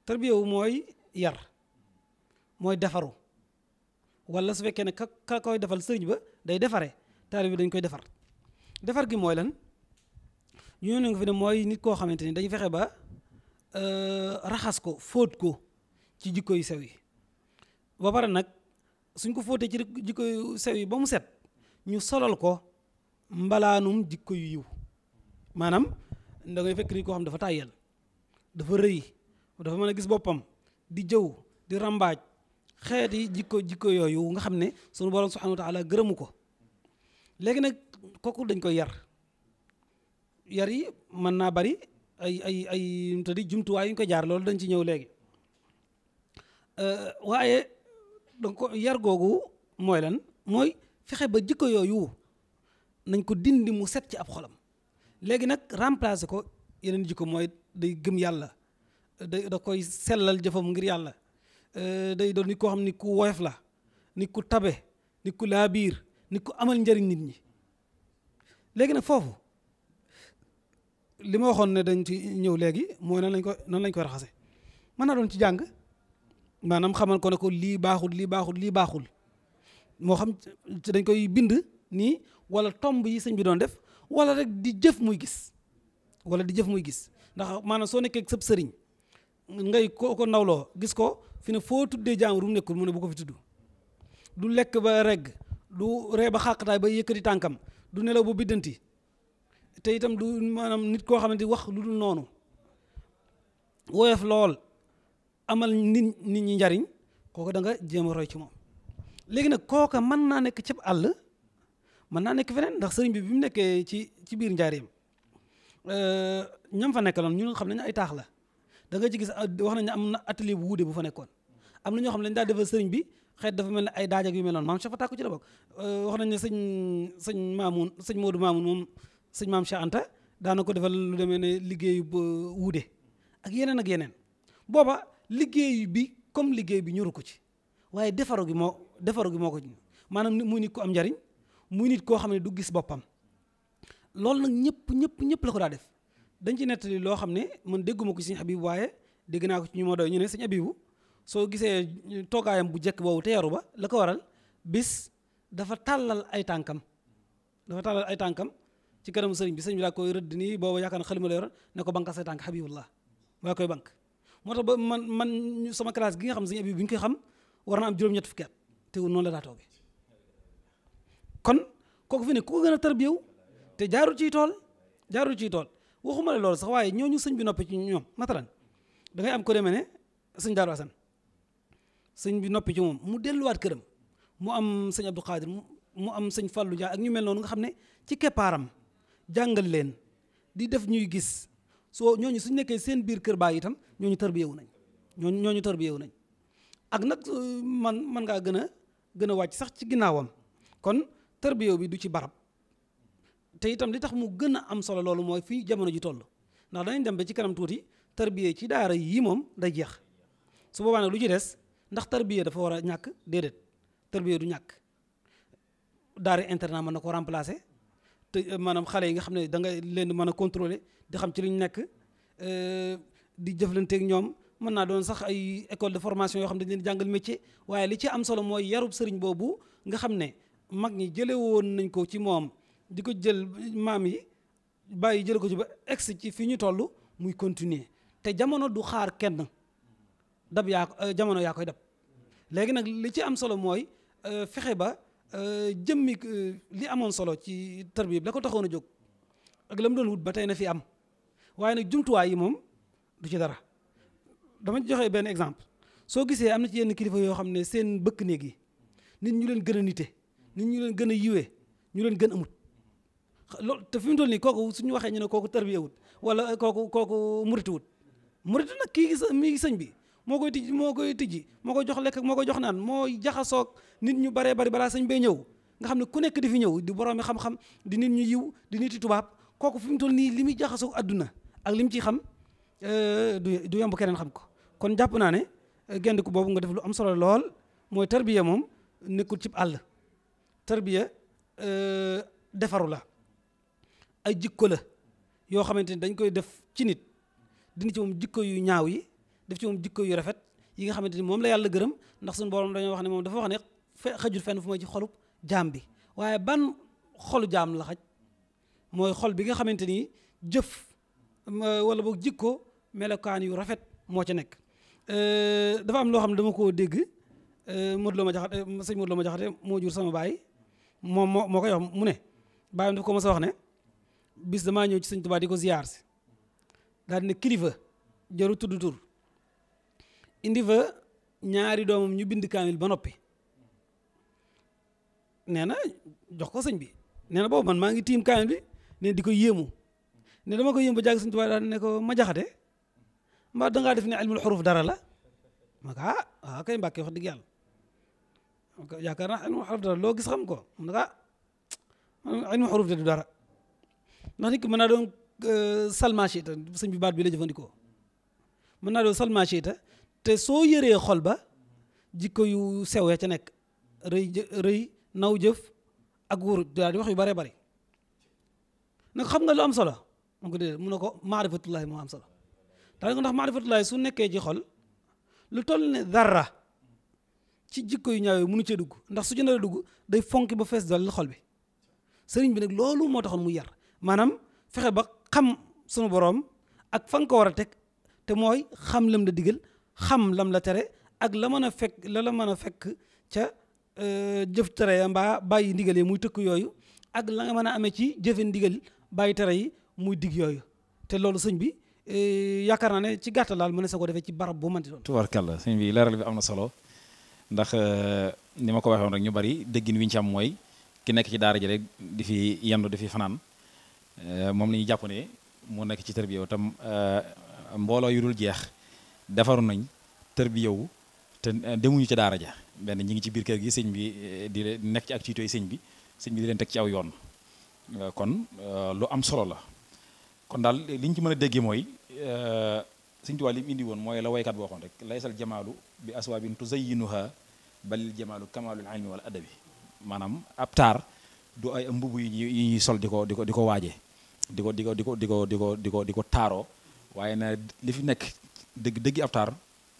tarbiyewu mooy yar mooy defaru wala su fekkee ne ka ka koy defal sëriñ ba day defare taalibe bi dañ koy defar defar gi mooy lan ñu ne ko fi ne mooy nit koo xamante ni dañu fexe ba euh, raxas ko fóot ko ci jikko sew yi ba pare nag suñ ko fóotee ci jikko yu sew ba mu set ñu solal ko mbalaanum jikko yu yiw maanaam da ngay fekk nit koo xam dafa tàyyal dafa rëy dafa mën a gis boppam di jëw di rambaaj xeeti jikko jikko yooyu nga xam ne sunu borom subhanahu wa taala gërëmu ko léegi nag kooku dañ koy yar yar yi mën naa bari ay ay ay te di jumtuwaay yu ñu ko jaar loolu dañ ci ñëw léegi waaye donc ko yar googu mooy lan mooy fexe ba jikko yooyu nañ ko dindi mu set ci ab xolam léegi nag remplacer ko yeneen jikko mooy day gëm yàlla da da koy sellal jëfam ngir yàlla Euh, day doon nit koo xam ni ku woyof la nit ku tabe nit ku laabiir nit ku amal njariñ nit ñi léegi nag foofu li ma waxoon ne dañ ci ñëw léegi mooy nan lañ ko nan lañ koy raxase mën naa doon ci jàng maanaam xamal ko ne ko lii baaxul lii baaxul lii baaxul moo xam dañ koy bind nii wala tomb yi sëñ bi doon def wala rek di jëf muy gis wala di jëf muy gis ndax maanaam soo nekkee sëb sëriñ ngay ko ko nawloo gis ko fi ne foo tuddee jàmbur mu nekkul mu ne bu ko fi tudd du lekk ba regg du ree ba xàqataay ba yëkkati tànkam du nelaw ba biddanti te itam du maanaam nit koo xamante wax lu dul noonu woyof lool amal nit nit ñi njariñ kooku da nga jéem a roy ci moom léegi nag kooka mën naa nekk cib àll mën naa nekk feneen ndax sëriñ bi bi mu nekkee ci ci biir njaareem euh, ñam fa nekkaloon ñun xam nañu ay taax la da nga ci gis ah, wax nañ am na atelier bu wuute bu fa nekkoon am na ñoo xam ne dañ daa defal sëriñ bi xeet dafa mel ne ay daaja ak yu mel noonu maam Cheikh Fatakku ci la bokk euh, wax nañ ne sëñ sëñ Maamoun sëñ Modou Maamoun moom sëñ maam Cheikh Anta daana ko defal lu demee ne liggéeyu euh, wuude ak yeneen ak yeneen booba liggéey bi comme liggéey bi ñoru ko ci waaye defaru gi moo defaru gi moo ko ci maanaam muy nit ku am njariñ muy nit koo xam ne du gis boppam loolu nag ñëpp ñëpp ñëpp la ko daa def dañ ci nettali loo xam ne man dégguma ko sëñ Habib waaye dégg naa ko ci ñu ma doy ñu ne sëñ Habibu soo gisee toogaayam bu njëkk boobu te yaru ba la ko waral bis dafa tàllal ay tànkam dafa tàllal ay tànkam ci kanamu sëriñ bi sëriñ bi daa koy rëdd nii boobu yaakaar na xalima la yor ne ko banka say tànk Habibullah waa koy bank moo tax ba man man sama classe gi nga xam sëñ Habib bi ñu koy xam war na am juróom-ñett fukki at te noonu la daa toogee kon te jaarul ciy tool jaarul ciy tool waxuma la loolu sax waaye ñoo ñu sëñ bi noppi ci ñoom matalan da ngay am ko demee ne sëñ Daaru Asan sëñ bi noppi ci moom mu delluwaat këram mu am sëñ Abdou Khadir mu am sëñ Fallou Dia ak ñu mel noonu nga xam ne ci keppaaram jàngal leen di def ñuy gis soo ñooñu suñ nekkee seen biir kër baa itam ñooñu tarbiyewu nañ ñooñu ñooñu tarbiyewu nañ ak nag euh, man man ngaa gën a gën a wàcc sax ci ginnaawam kon tarbiyew bi du ci barab te itam li tax mu gën a am solo loolu mooy fii jamono ji toll ndax danañ dem ba ci kanam tuuti tarbiye ci daara yii moom day jeex su boobaa nag lu ci des ndax tarbiye dafa war a ñàkk déedéet tarbiye du ñàkk daara internat mën na ko remplacer te euh, maanaam xale yi nga xam ne da nga leen mën a contrôler di xam ci li ñu nekk euh, di jëflanteeg ñoom mën naa doon sax ay école de formation yoo xam ne dañ leen jàngal métier waaye li ci am solo mooy yarub sëriñ boobu nga xam mag ñi jëlee nañ ko ci moom di ko jël maam yi bàyyi jële ko ci ba egg ci fi ñu toll muy continuer te jamono du xaar kenn dab yaa euh, jamono yaa koy dab léegi nag li ci am solo mooy euh, fexe ba euh, jëmmi li amoon solo ci tarbiya bi ko taxoon a jóg ak la mu ba tey na fi am waaye nag jumtuwaay yi moom du ci dara joxe benn exemple soo gisee am na ci yenn kilifa yoo xam ne seen bëkk néeg yi nit ñu leen gën a nite nit ñu leen gën a yiwee ñu leen gën a amut loolu te fi mu toll nii kooku ñu waxee ñu ne kooku tarbiya wut wala kooku kooku muritu wut muritu nag kii mi sëñ bi moo koy tijji moo koy tijji moo koy jox lekk moo koy jox naan mooy jaxasoog nit ñu baree bari balaa sañ bay ñëw nga xam ne ku nekk di fi ñëw di boroomi xam-xam di nit ñu yiw di nit tubaab kooku fi mu toll nii li muy jaxasoog adduna ak li mu ciy xam euh, du yomb keneen xam ko kon jàpp naa ne euh, gend ko boobu nga def lu am solo lool mooy tarbiya moom nekkul cib àll tarbiya euh, defaru la ay jikko la yoo xamante ni dañ koy def ci nit dina ci moom jikko yu ñaaw yi def ci moom jikko yu rafet yi nga xamante ni moom la yàlla gërëm ndax suñu borom dañoo wax ne moom dafa wax ne fe xajul fenn fu ma ci xolub bi waaye ban xolu jaam la mooy xol bi nga xamante ni jëf wala boog jikko melokaan yu rafet moo ca nekk dafa am loo xam ne dama koo dégg Modou Lo ma jaxate sëñ Modou Lo ma jaxate moo jur sama baay moom moo moo koy wax mu ne baayam dafa ko mos a wax ne bis damaa ñëw ci sëñ Tuubaa ko ziyaar si daal ne kilifa jaru tudd tur indi fa ñaari doomam ñu bind kaamil ba noppi nee na jox ko sëñ bi nee na boobu man maa ngi tiim kaamil bi ne di ko yéemu ne dama ko yéemu ba jàgg sëñ Tuubaa daal ne ko ma jaxate mbaa dangaa def ne ilmul xuruf dara la ma ko ah ah kay Mbàkke wax dëgg yàlla yaakaar ilmul xuruf dara loo gis xam ko mu ne ko ah, ilmul xuruf de du dara ndax nit ki mën naa doon euh, salmachita sëñ bi baat bi la jëfandikoo mën naa doon salmachita te soo yëree xol ba jikko yu sew ya ca nekk rëy naw jëf ak wóor daal di wax yu bare bari nag xam nga lu am solo mu ko déedéet mun na ko maarifatullahi moo am solo daal nga ndax maarifatullahi su nekkee ci xol lu toll ne dara ci jikko yu ñaaw yi mënu cee dugg ndax su jëndee dugg day fonki ba fees dal xol bi sëriñ bi nag loolu moo tax mu yar maanaam fexe ba xam sunu boroom ak fa nga ko war a teg te mooy xam lam la diggal xam lam la tere ak la mën a fekk la la mën a fekk ca euh, jëf tere ya mbaa bàyyi ndigal muy tëkk yooyu ak la nga mën a amee ci jëfe ndigal bàyyi tere yi muy dig yooyu te loolu sëñ bi euh, yaakaar naa ne ci gàttal daal mën na sa defee ci barab bu manti doon tubarkalla sëñ bi leeral bi am na solo ndax euh, ni ma ko waxee rek ñu bari dëggin wi ñu ci am mooy ki nekk ci daara ji rek di fi yendu di fi fanaan Euh, moom lañuy ñuy jàpp ne mu nekk ci tërbiyewu tam euh, mbooloo yu dul jeex defaru nañ tërbiyewu te euh, demuñu ci daara ja benn ñi ngi ci biir kër gi sëñ bi di nekk ci ak yi sëñ bi sëñ bi di leen teg ci aw yoon kon lu am solo la kon daal li ci mën a déggee mooy sëñ Tuubaa li mu indi woon mooy la waykat boo xoon rek laysal jamaalu bi aswaabin tuzayyinuha balil jamaalu kamaalul ilmi wal adabi maanaam ab taar du ay mbubb yu ñuy sol di ko di ko di ko waajee di ko di ko di ko di ko di ko di ko taaroo waaye na li fi nekk dëgg dëggi ab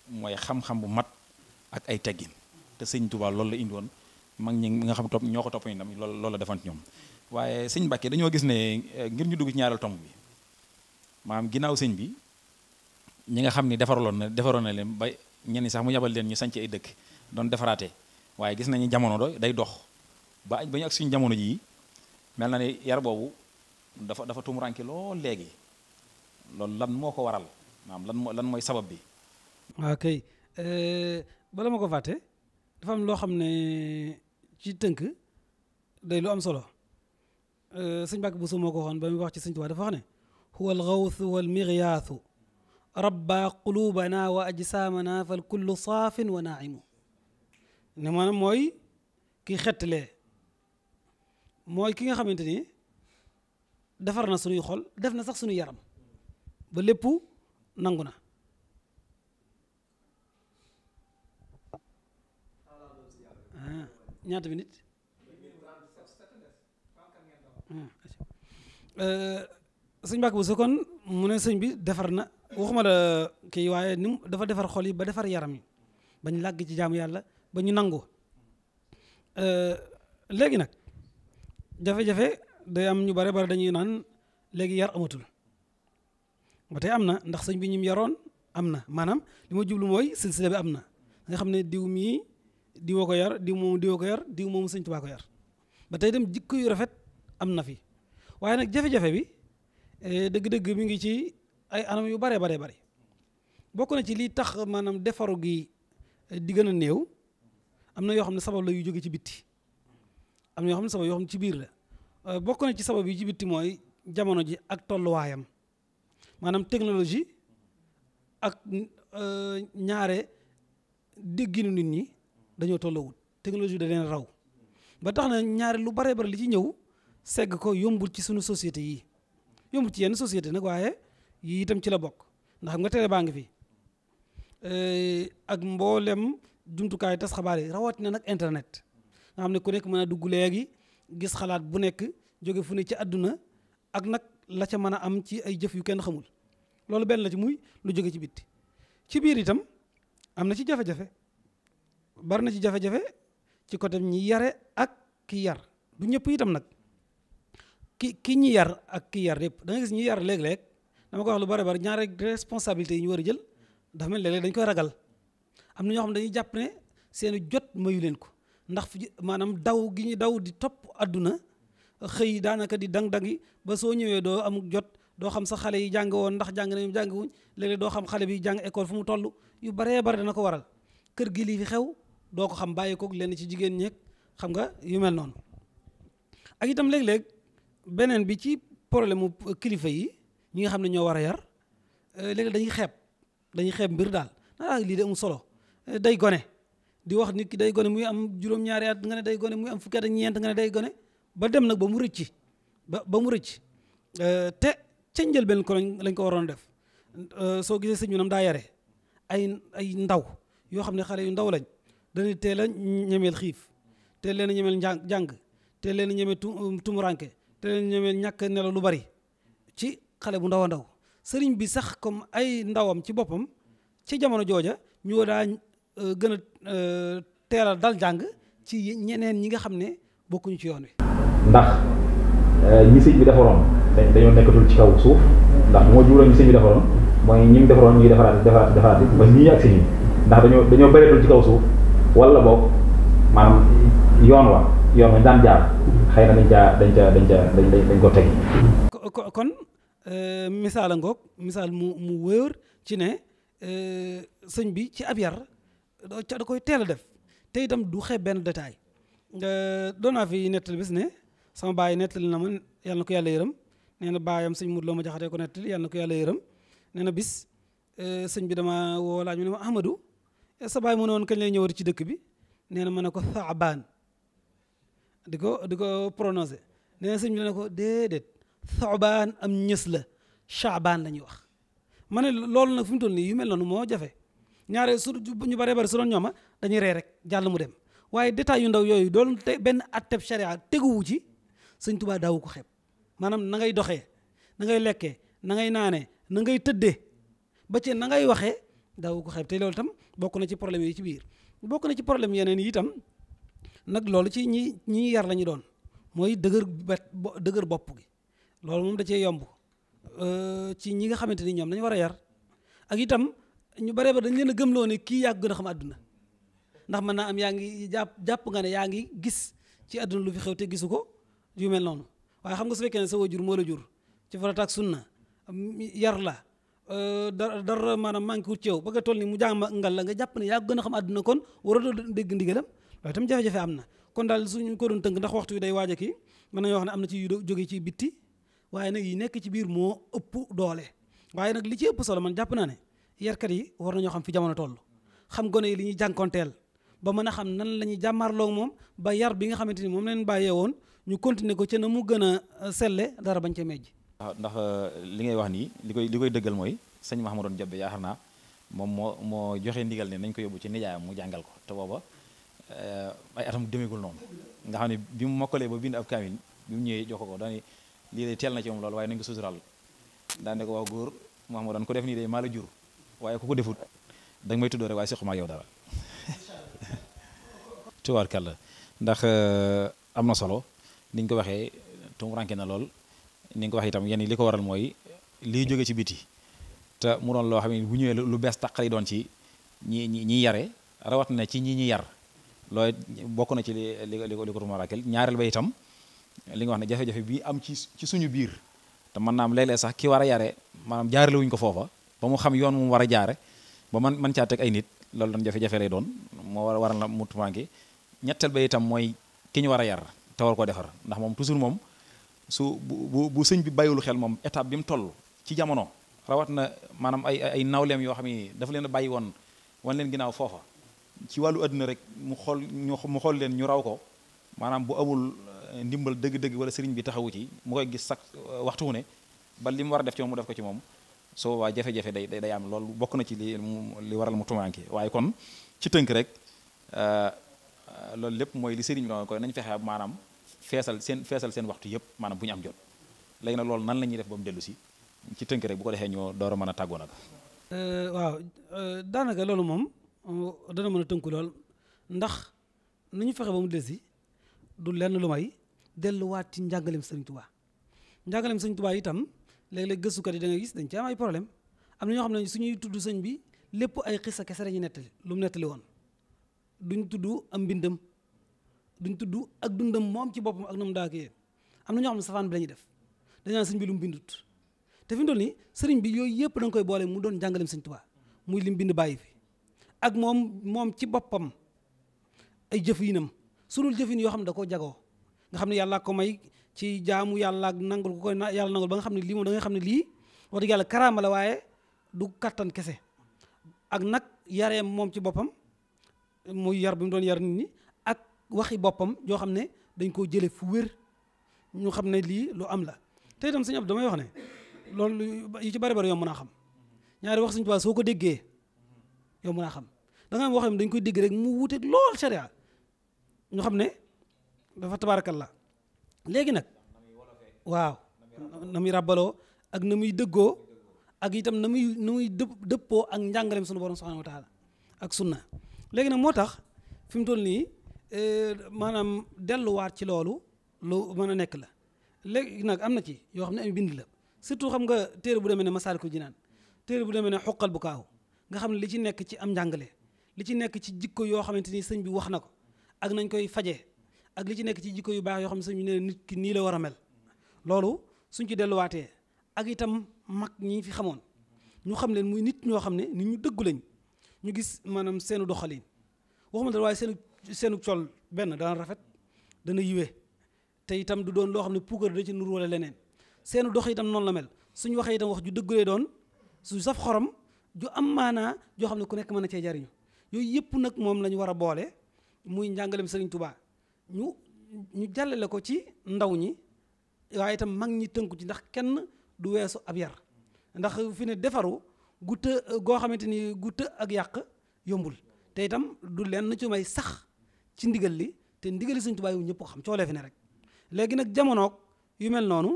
mooy xam-xam bu mat ak ay teggin te sëñ Tuubaa loolu la indi woon mag ñi nga xam topp ñoo ko topp ndam lool loolu la defant ñoom waaye sëñ Mbàkke dañoo gis ne eh, ngir ñu dugg ci ñaareel tomb bi maanaam ginnaaw sëñ bi ñi nga xam ni defaraloon na defaroon na leen ba ñenn sax mu yabal leen ñu sanc ay dëkk doon defaraate waaye gis nañu jamono do day dox ba ba ñu ak suñu jamono jii mel na ne yar boobu dafa dafa tumuranki lool léegi loolu lan moo ko waral maanaam lan moo lan mooy sabab bi. waaw euh, bala ma ko fàtte dafa am loo xam ne ci tënk day loo am solo euh, sëñ Mbàkke Buso moo ko waxoon wax ci sëñ Tuubaa dafa wax ne huwa alxawsu wal mighyaathu rabba quluubana wa ajsaamana fal kullu saafin wa naaimu ne maanaam mooy ki xettalee mooy ki nga xamante defar na suñuy xol def na sax suñuy yaram ba lépp nangu na ah, ñaata minit ah, sëñ Mbàkke bu sa kon mu ne sëñ bi defar na waxuma la kii waaye ni dafa defar xol yi ba defar yaram yi ba ñu ci jaamu yàlla ba ñu nangu eh, léegi nag jafe-jafe day am ñu bare bare dañuy naan léegi yar amatul ba tey am na ndax sëñ bi ñim yaroon am na maanaam li ma jublu mooy silsila bi am na nga xam ne diw mii diwoo ko yar diw moomu diwoo ko yar diw moomu sëñ Tuubaa ko yar ba tey dem jikko yu rafet am na fi waaye nag jafe-jafe bi eh, dëgg-dëgg mi ngi ci ay anam yu bare bare bare bokk na ci lii tax maanaam defaru gi eh, di gën a néew am na yoo xam ne sabab la yu jóge ci bitti am na yoo xam ne sabab yoo xam ne ci biir la Euh, bokk na ci sabab yi ci bitti mooy jamono ji ak tolluwaayam maanaam technologie ak euh, ñaare dégginu nit ñi dañoo tollawut technologie da leen raw ba tax na ñaare lu bare bare li ci ñëw segg ko yombul ci sunu société yi yombul ci yenn societé nag waaye yi itam ci la bokk ndax nga télé baa ngi fi euh, ak mboolem jumtukaay tas xabaar yi rawatina nag internet nga xam ne ku nekk mën a dugg léegi gis xalaat bu nekk jóge fu ne ci àdduna ak nag la ca mën a am ci ay jëf yu kenn xamul loolu benn la ci muy lu jóge ci bitti ci biir itam am na ci jafe-jafe bari na ci jafe-jafe ci côté ñi yare ak ki yar du ñëpp itam nag ki ki ñi yar ak ki yar yëpp da nga gis ñi yar léeg-léeg dama ko wax lu bari bari ñaari responsabilité yi ñu war a jël dafa mel léeg dañ koy ragal am na ñoo xam ne dañuy jàpp ne seeni jot mayu leen ko ndax maanaam daw gi ñu daw di topp àdduna xëy daanaka di dang-dangi ba soo ñëwee doo am jot doo xam sa xale yi jàng ndax jàng nañu jàng wuñ léeg doo xam xale jàng école fu mu toll yu baree bare dana ko waral kër gi lii xew doo ko xam bàyyi koog lenn ci jigéen ñeeg xam nga yu mel noonu ak itam léeg-léeg beneen bi ci problème mu kilifa yi ñi nga xam ne ñoo war a yar euh, léeg-léeg dañuy xeeb dañuy xeeb mbir daal ah lii de amul solo euh, day gone di wax nit ki day gone muy am juróom-ñaari at day gone muy am fukki at ak ñeent nga ne day gone ba dem nag ba mu rëcci ba ba mu rëcc euh, te ca njëlbeen ko lañ ko waroon def euh, soo gisee sëñ bi nam daa yare ay ay ndaw yoo xam ne xale yu ndaw lañ dañuy teel a ñemeel xiif teel leen a ñemeel njàng jàng teel leen a ñemeel tumuranke teel leen ñemeel ñàkk nelaw lu bari ci xale bu ndaw ndaw sëriñ bi sax comme ay ndawam ci boppam ci jamono jooja ñoo daa Euh, gën a euh, teeral dal jàng ci ñeneen ñi nga xam ne bokkuñu ci yoon wi. ndax euh, ñi sëñ bi defaroon dañ dañoo nekkatul ci kaw suuf ndax moo juuroon ñi sëñ bi defaroon mooy ñi mu defaroon ñu ngi defaraat defaraat defaraat ba ñii ak si ñi ndax dañoo dañoo bëreetul ci kaw suuf wala boog maanaam yoon wa yoon wa ñu daan jaar xëy na dañ caa dañ caa dañ caa dañ dañ ko teg. kon misaal a ngoog misaal mu mu wóor ci ne sëñ bi ci ab yar da koy teel a def te itam du xeeb benn détail doon naa fi nettali bis ne sama baay nettali na ma yàlla ko yàlla yërëm nee na baayam sëñ Modou Lo ma jaxatee ko nettali yàlla na ko nee na bis eh, sëñ bi dama woo laaj mu ne ma Ahmadou eh, sa baay mu ne woon kañ lay ci dëkk bi nee na ma ne ko Saaban di ko di ko prononcé nee na sëñ bi ne ko déedéet Saaban am ñës la Saaban la ñuy wax ma ne loolu nag fi mu toll nii yu mel noonu moo jafe ñaare su ñu bare bari su doon ñooma dañuy ree rek jàll mu dem waaye détails yu ndaw yooyu doon te benn atteb sharia teguwu ci sëñ tubaa daawu ko xeeb maanaam na ngay doxee na ngay lekkee na ngay naanee na ngay tëddee ba ci na ngay waxee daawu ko te loolu itam bokk na ci problème yi ci biir bokk na ci problème yeneen yi itam nag loolu ci ñi ñi yar la ñu doon mooy dëgër bet dëgër bopp gi loolu moom da cee yomb ci ñi nga xamante ni ñoom dañu war a yar ak itam ñu bare ba dañ leen a gëmloo ne kii yaa gën a xam adduna ndax mën naa am yaa ngi jàpp jàpp nga ne yaa ngi gis ci àdduna lu fi xew te gisu ko yu mel noonu waaye xam nga su fekkee ne sa waajur moo la jur ci farata ak sunna yar la euh, dara dara maanaam manqué wut ci yow ba nga toll ni mu jàngal la nga jàpp ne yaa gën xam àdduna kon waroo dégg ndigalam waaye itam jafe-jafe am na kon daal ngi ko doon tënk ndax waxtu wi day waaj a kii mën nañu wax ne am na ci yu jóge ci bitti waaye nag yi nekk ci biir moo ëpp doole waaye nag li ci ëpp solo man jàpp naa ne yarkat yi war na ñoo xam fi jamono toll xam gone yi li ñuy jànkonteel ba a xam nan la ñuy jàmmaarloo moom ba yar bi nga xamante ni moom leen bàyyee woon ñu continuer ko ci na mu gën a euh, selle dara bañ ca mejj waaw ndax euh, li ngay wax nii li koy li koy dëggal mooy sëñ Mahamadou Jabbe yaakaar naa moom moo moo joxe ndigal ne nañ ko yóbbu ci nijaayam mu jàngal ko te booba euh, ay atam demegul noonu nga xam ne bi mu mokkalee ba biin ab kaamil bi mu ñëwee jox ko ko daani lii day teel na ci moom loolu waaye nañ ko suturaal ko wax góor Mahamadou ko def nii day maa jur waaye ku ko defut da nga may tuddoo rek waaye sequma ak yow dara tubaarkàlla ndax euh, am na solo niñ ko waxee tumuranke na lool niñ nga ko waxee itam yenn li ko waral mooy liy jóge ci biti te mu doon loo xam ne bu ñëwee lu bees tàq lay ci ñi ñi ñi yare rawat na ci ñi ñi yar loolu bokk na ci li li ko tumarankel ñaareel ba itam li nga wax ne jafe-jafe bi am ci ci suñu biir te mën naa am léeg-léeg sax ki war a yare maanaam jaarale wuñ ko foofa ba mu xam yoon moom war a jaare ba man man caa teg ay nit loolu doon jafe-jafe lay doon moo war a waral la mu tumaanke ñetteel ba itam mooy ki ñu war a yar te war ko defar ndax moom toujours moom su bu bu sëñ bi bàyyiwul xel moom étape bi mu toll ci jamono rawat na maanaam ay ay nawleem yoo xam ni dafa leen a bàyyi woon wan leen ginnaaw foofa ci wàllu àdduna rek mu xool ñu mu xool leen ñu raw ko maanaam bu amul eh, ndimbal dëgg-dëgg wala sëriñ bi taxawu ci mu koy gis sax eh, waxtu ne ba li mu war def ci mu def ko ci moom soo waa jafe-jafe day day am loolu bokk na ci li li waral mu tumaanke waaye kon ci tënk rek euh, euh, loolu lépp mooy li sëriñ bi doon koy nañu fexe maanaam feesal seen feesal seen waxtu yëpp maanaam bu ñu am jot léegi nag loolu nan la ñuy def ba mu dellu si ci tënk rek bu ko defee ñoo door a mën a tàggoo nag. Euh, daanaka loolu moom dana mën a tënku lool ndax nu ñu fexe ba mu dellusi du lenn lu may delluwaat ci njàngaleem sëriñ Tuubaa njàngaleem sëriñ Tuubaa itam. léeg-léeg gëstukat yi da gis dañ ci am problème am na ñoo xam ne su ñuy tudd sëñ bi lépp ay xisa kese la ñuy nettali lu mu woon duñ tudd am mbindam duñ tudd ak dundam moom ci boppam ak na mu daa am na ñoo xam ne safaan bi def dañ naan bi lu mu bindut te fi sëriñ bi yooyu yëpp da koy boole mu doon jàngaleem sëñ Tuubaa muy lim bind bàyyi fi ak moom moom ci boppam ay jëfinam sunul jëfin yoo xam ne da koo jagoo nga xam ne yàlla ko may ci jaamu yàlla ak nangul ku koy yàlla ba nga xam ne lii moom da xam ne lii wax yàlla karaama la waaye du kattan kese ak nag yareem moom ci boppam muy yar bi mu doon yar nit ñi ak waxi boppam yoo xam ne dañ koo jële fu wér ñu xam ne lii lu am la te itam sëñ Abdou damay wax ne loolu yu ci bari bari yow mën a xam ñaari wax sëñ Tuubaa soo ko déggee yow mën a xam da nga am wax dañ koy dégg rek mu wuuteeg lool sharia ñu xam ne dafa la léegi nag waaw na muy ràbbaloo ak na muy dëggoo ak itam na muy na muy dë dëppoo ak njàngaleem sunu borom subhanahu wa taala ak sunna léegi nag moo tax fi mu toll nii eh, maanaam delluwaat ci loolu lu mën a nekk la léegi nag am na ci yoo xam ne ay bind la surtout xam nga téere bu demee ne Masaalikul Jinaan téere bu demee ne xoqal bu kaaw nga xam ne li ci nekk ci am njàngale li ci nekk ci jikko yoo xamante ni sëñ bi wax na ko ak nañ koy faje ak li ci nekk ci jikko yu baax yoo xam ne sax ne nit ki nii la war a mel loolu suñ ci delluwaatee ak itam mag ñi fi xamoon ñu xam leen muy nit ñoo xam ne nit ñu dëggu lañ ñu gis maanaam seenu doxalin waxuma dara waaye seenu seenu col benn dana rafet dana yiwe te itam du doon loo xam ne puukar da ci nur wala leneen seenu dox itam noonu la mel suñu waxee itam wax ju dëggulee doon su saf xorom ju am maanaa joo xam ne ku nekk mën na cee jariñu yooyu yëpp nag moom la ñu war a boole muy njàngalem Sëriñ Tubaa ñu ñu jàllale ko ci ndaw ñi waaye tam mag ñi tënku ci ndax kenn du weesu ab yar ndax fi ne defaru gu goo xamante ni gu ak yàq yombul te itam du leen lenn ci may sax ci ndigal li te ndigali Sëñ Tuubaa yu ñëpp xam coolee fi ne rek léegi nag jamonoog yu mel noonu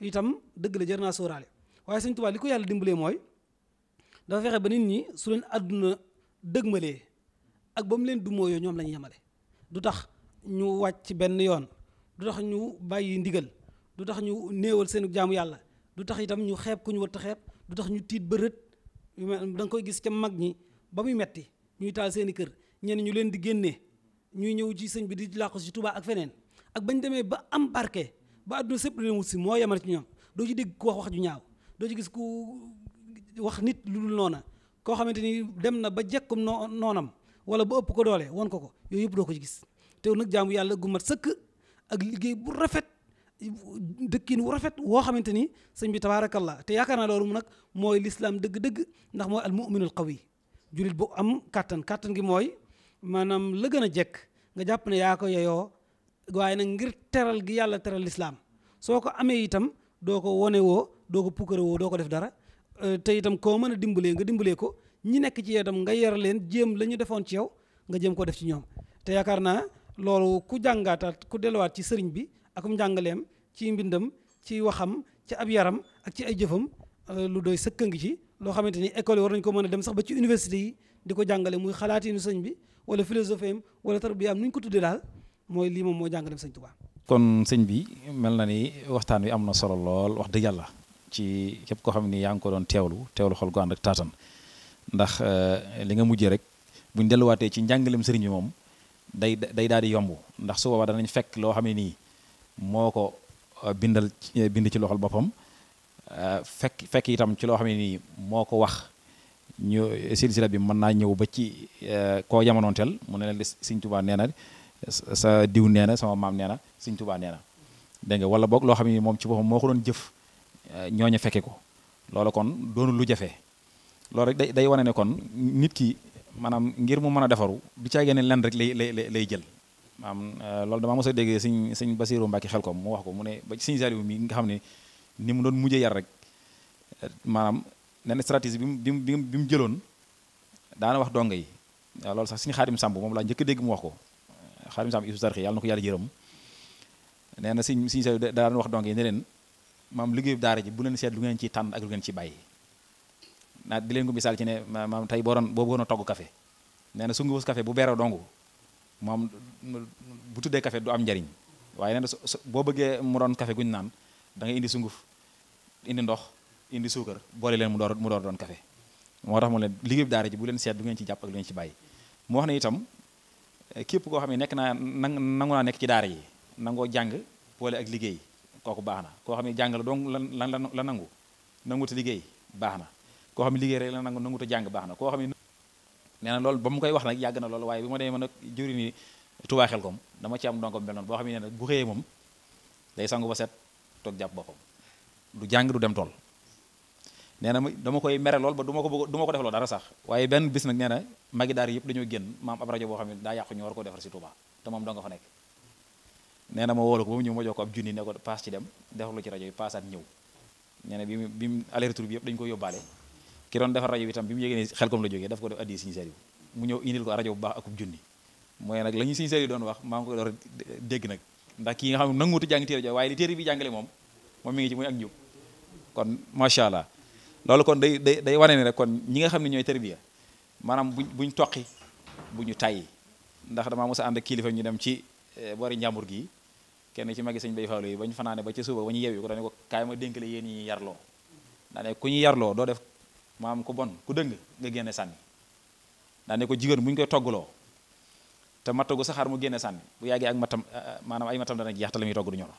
itam dëgg la jar naa sóoraale waaye Sëñ Tuubaa li ko yàlla dimbalee mooy dafa fexe ba nit ñi su leen àdduna dëgmalee ak ba mu leen dumoo yoo ñoom la ñu yemale du tax ñu wàcc benn yoon du tax ñu bàyyi ndigal du tax ñu néewal seenu jaamu yàlla du tax itam ñu xeeb ku ñu war a du tax ñu tiit ba rët da nga koy gis ca mag ñi ba muy metti ñuy taal seeni kër ñenn ñu leen di génnee ñuy ñëw ci sëñ bi di làqu si tubaa ak feneen ak bañ demee ba am barke ba àdduna sépp leen wut moo yemal ci ñoom doo ci dégg ku wax wax ju ñaaw doo ci gis ku wax nit lu dul noona koo xamante ni dem na ba jekkum noo noonam wala ba ko doole won ko ko yooyu yëpp doo ko ci gis teew nag jaamu yàlla gu mat sëkk ak liggéey bu rafet dëkkin wu rafet woo xamante ni sëñ bi tabaarakallah te yaakaar naa loolu nag mooy lislaam dëgg-dëgg ndax mooy al muminul qawi julit bu am kàttan kàttan gi mooy maanaam la gën a jekk nga jàpp ne yaa ko yeyoo waaye nag ngir teral gi yàlla teral lislaam soo ko amee itam doo ko wone woo doo ko pukkare woo doo ko def dara euh, te itam koo mën a dimbalee nga dimbalee ko ñi nekk ci yeetam nga yar leen jéem la ñu defoon ci yow nga jéem koo def ci ñoom loolu ku jàngaataat ku delluwaat ci sëriñ bi akum njàngaleem ci mbindam ci waxam ci ab yaram ak ci ay jëfam euh, lu doy sëkk ngi ci loo xamante ni école yi war nañ ko mën a dem sax ba ci université yi di ko jàngale muy xalaatinu sëñ bi wala philosophie am wala tarbiya am nu ko tuddee daal mooy lii moom moo jàngaleem sëñ Tuubaa kon sëñ bi mel na ni waxtaan wi am na solo lool wax dëgg yàlla ci képp koo xam ni yaa ngi ko doon teewlu teewlu xol gu ànd ak taatan ndax euh, li nga mujjee rek buñ delluwaatee ci njàngaleem sëriñ bi moom day day daal di yomb ndax su boobaa danañ fekk loo xam ne nii moo ko euh, bindal euh, bind ci loxol boppam euh, fekk fekk itam ci loo xam ne nii moo ko wax ñu silsila bi mën naa ñëw ba ci ko jamonoonteel mu ne leen Sëñ Tuubaa nee na sa diw nee na sama maam nee na Sëñ Tuubaa nee na dégg nga wala boog loo xam ne nii moom ci boppam moo ko doon jëf ñooñu fekke ko loolu kon doonu lu jafe loolu rek day day wane ne kon nit ki maanaam ngir mu mën a defaru du caagee ne lenn rek lay lay lay jël maanaam euh, loolu dama mos a dégg sëñ sëñ Basiiru Mbàkke xel ko mu wax ko mu ne ba sëñ Saaliw mi nga xam ne ni mu doon mujjee yar rek euh, maanaam nen stratégie bi mu bi bi mu jëloon daana wax donga yi waaw loolu sax suñu xaadim sàmb moom laa njëkk dégg mu wax ko xaadim sàmb isu tarxi yàlla na ko yàlla jërëm nee na siñ siñu saw daan wax donga yi ne leen maam liggéeyu daara ji bu leen seet lu ngeen ci tànn ak lu ngeen ci bàyyi naa di leen ko misaal ci ne maam tey boo doon boo bëggoon a togg café nee na su bu beeree dong moom bu tuddee kafe du am njariñ waaye nee na boo bëggee mu doon café guñ naan danga indi sunguf indi ndox indi suukar boole leen mu door mu door doon kafe moo tax mu leen liggéey daara ji bu leen seet du ngeen ci jàpp ak lu ngeen ci bàyyi mu wax ne itam képp koo xam ne nekk naa na nangu nekk ci daara yi nangoo jàng boole liggéey kooku baax na koo xam ne jàng la donc lan la nangu nangu te liggéey baax na koo xam ne liggéey rek la nangu nangu te jàng baax na koo xam ne nee na loolu ba mu koy wax nag yàgg na loolu waaye bi ma demee man nag juri ni tubaa xel kom dama ci am ndongo mel boo xam ne nee na bu xëyee moom day sangu ba set toog jàpp boppam du jàng dem tool nee na dama koy mere lool ba du ma ko bëgg du ma ko def loolu dara sax waaye benn bis nag nee na magi daar yëpp dañoo génn maam ab rajo boo xam ne daa yàqu ñu war ko defar si Touba te moom dong nga fa nekk nee na ma woolu ko ba mu ñëw ma jox ko ab junni ne ko paas ci dem defar lu ci rajo yi paasaat ñëw nee na bi bi mu aller retour bi yëpp dañu ko yóbbaale ki doon defar rajo bi tam bi mu yégée ne xel kom la jógee daf ko ñëw indil ko rajo bu baax akub junni mooy nag la ñuy Sëriñ Saliou doon wax maa ngi ko door dégg nag ndax ki nga xam ne nanguutu jàng téere jo waaye li téere bi jàngale moom moom mi ngi ci muy ak kon macha allah loolu kon day day day wane ne rek kon ñi nga xam ne ñooy tarbiya maanaam buñ buñ toqi bu ñu tàyyi ndax damaa mos a ànd kilifa ñu dem ci eh, boori njàmbur gi kenn ci magi sëñ bay faalu yi bañ fanaane ba ca suba ba ñu yeewi ko dane ko kaay ma dénk la yéen ñi yarloo daa ne ku ñu yarloo doo def maam ku bon ku dëng nga génne sànni daa ne ko jigéen bu koy toggaloo te mattagu saxaar mu génne sànni bu yàggee ak matam eh, eh, maanaam ay matam dana jeex te la muy togg du ñor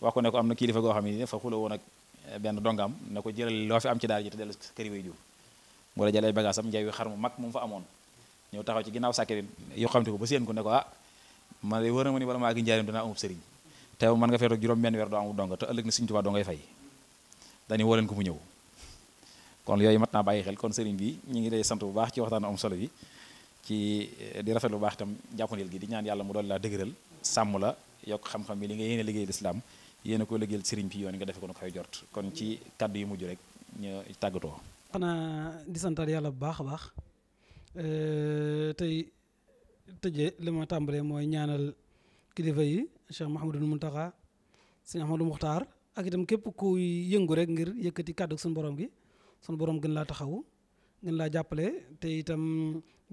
wax ko am na kilifa goo xam ne fa xuloo woon ak eh, benn dongam na ko jëlal loo fi am ci daara ji te dellu këri way jur mu la jëlee am njay wi xar mu mag mu fa amoon ñëw taxaw ci ginnaaw sàkke yoo xamte ko ba séen ko ne ko ah man wër na ma ni wala maa ngi njaarim danaa amub sëriñ te man nga fee toog juróom weer doo amub donga ëllëg na Sëriñ Tuubaa doo ngay fay dañu woo ko mu ñëw kon yooyu mat naa bàyyi xel kon sëriñ bi ñu ngi lay sant bu baax ci waxtaan am solo bi ci eh, di rafet lu baax itam jàppandil gi di ñaan yàlla mu doon laa dëgëral sàmm la yokk xam-xam bi li nga yéene liggéey lislaam yéene ko liggéeyal sëriñ bi yoon nga defe ko nu jot kon ci kàddu yu mujj rek ñu tàggatoo xanaa di santaat yàlla bu baax a baax eh, tey tëje li ma tàmbalee mooy ñaanal kilifa yi Cheikh Mahamadul Muntaxa Sëñ Ahmadu Muxtaar ak itam képp kuy yëngu rek ngir yëkkati kàddu suñu gi sun boroom gën laa taxawu gën laa jàppale te itam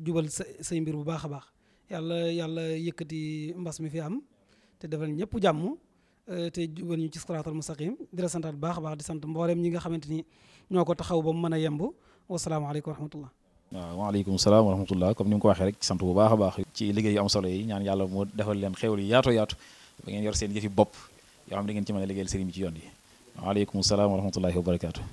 jubal sa say mbir bu baax a baax yàlla yàlla yëkkati mbas mi fi am te defal ñëpp jàmm euh, te jubal ci a baax di sant mbooleem ñi nga xamante ni ñoo ko taxaw ba mu mën a yemb wasalaamaaleykum wa rahmatullah waaw waaleykum salaam wa rahmatullah comme ni nga ko sant bu baax a baax ci liggéey yu am solo yi ñaan yàlla moo defal leen xéwal yu yaato yaatu ba ngeen yor seen jëfi bopp yoo xam ne da ngeen ci mën a liggéeyal sëriñ bi ci yoon yi salaam wa wa barakaatu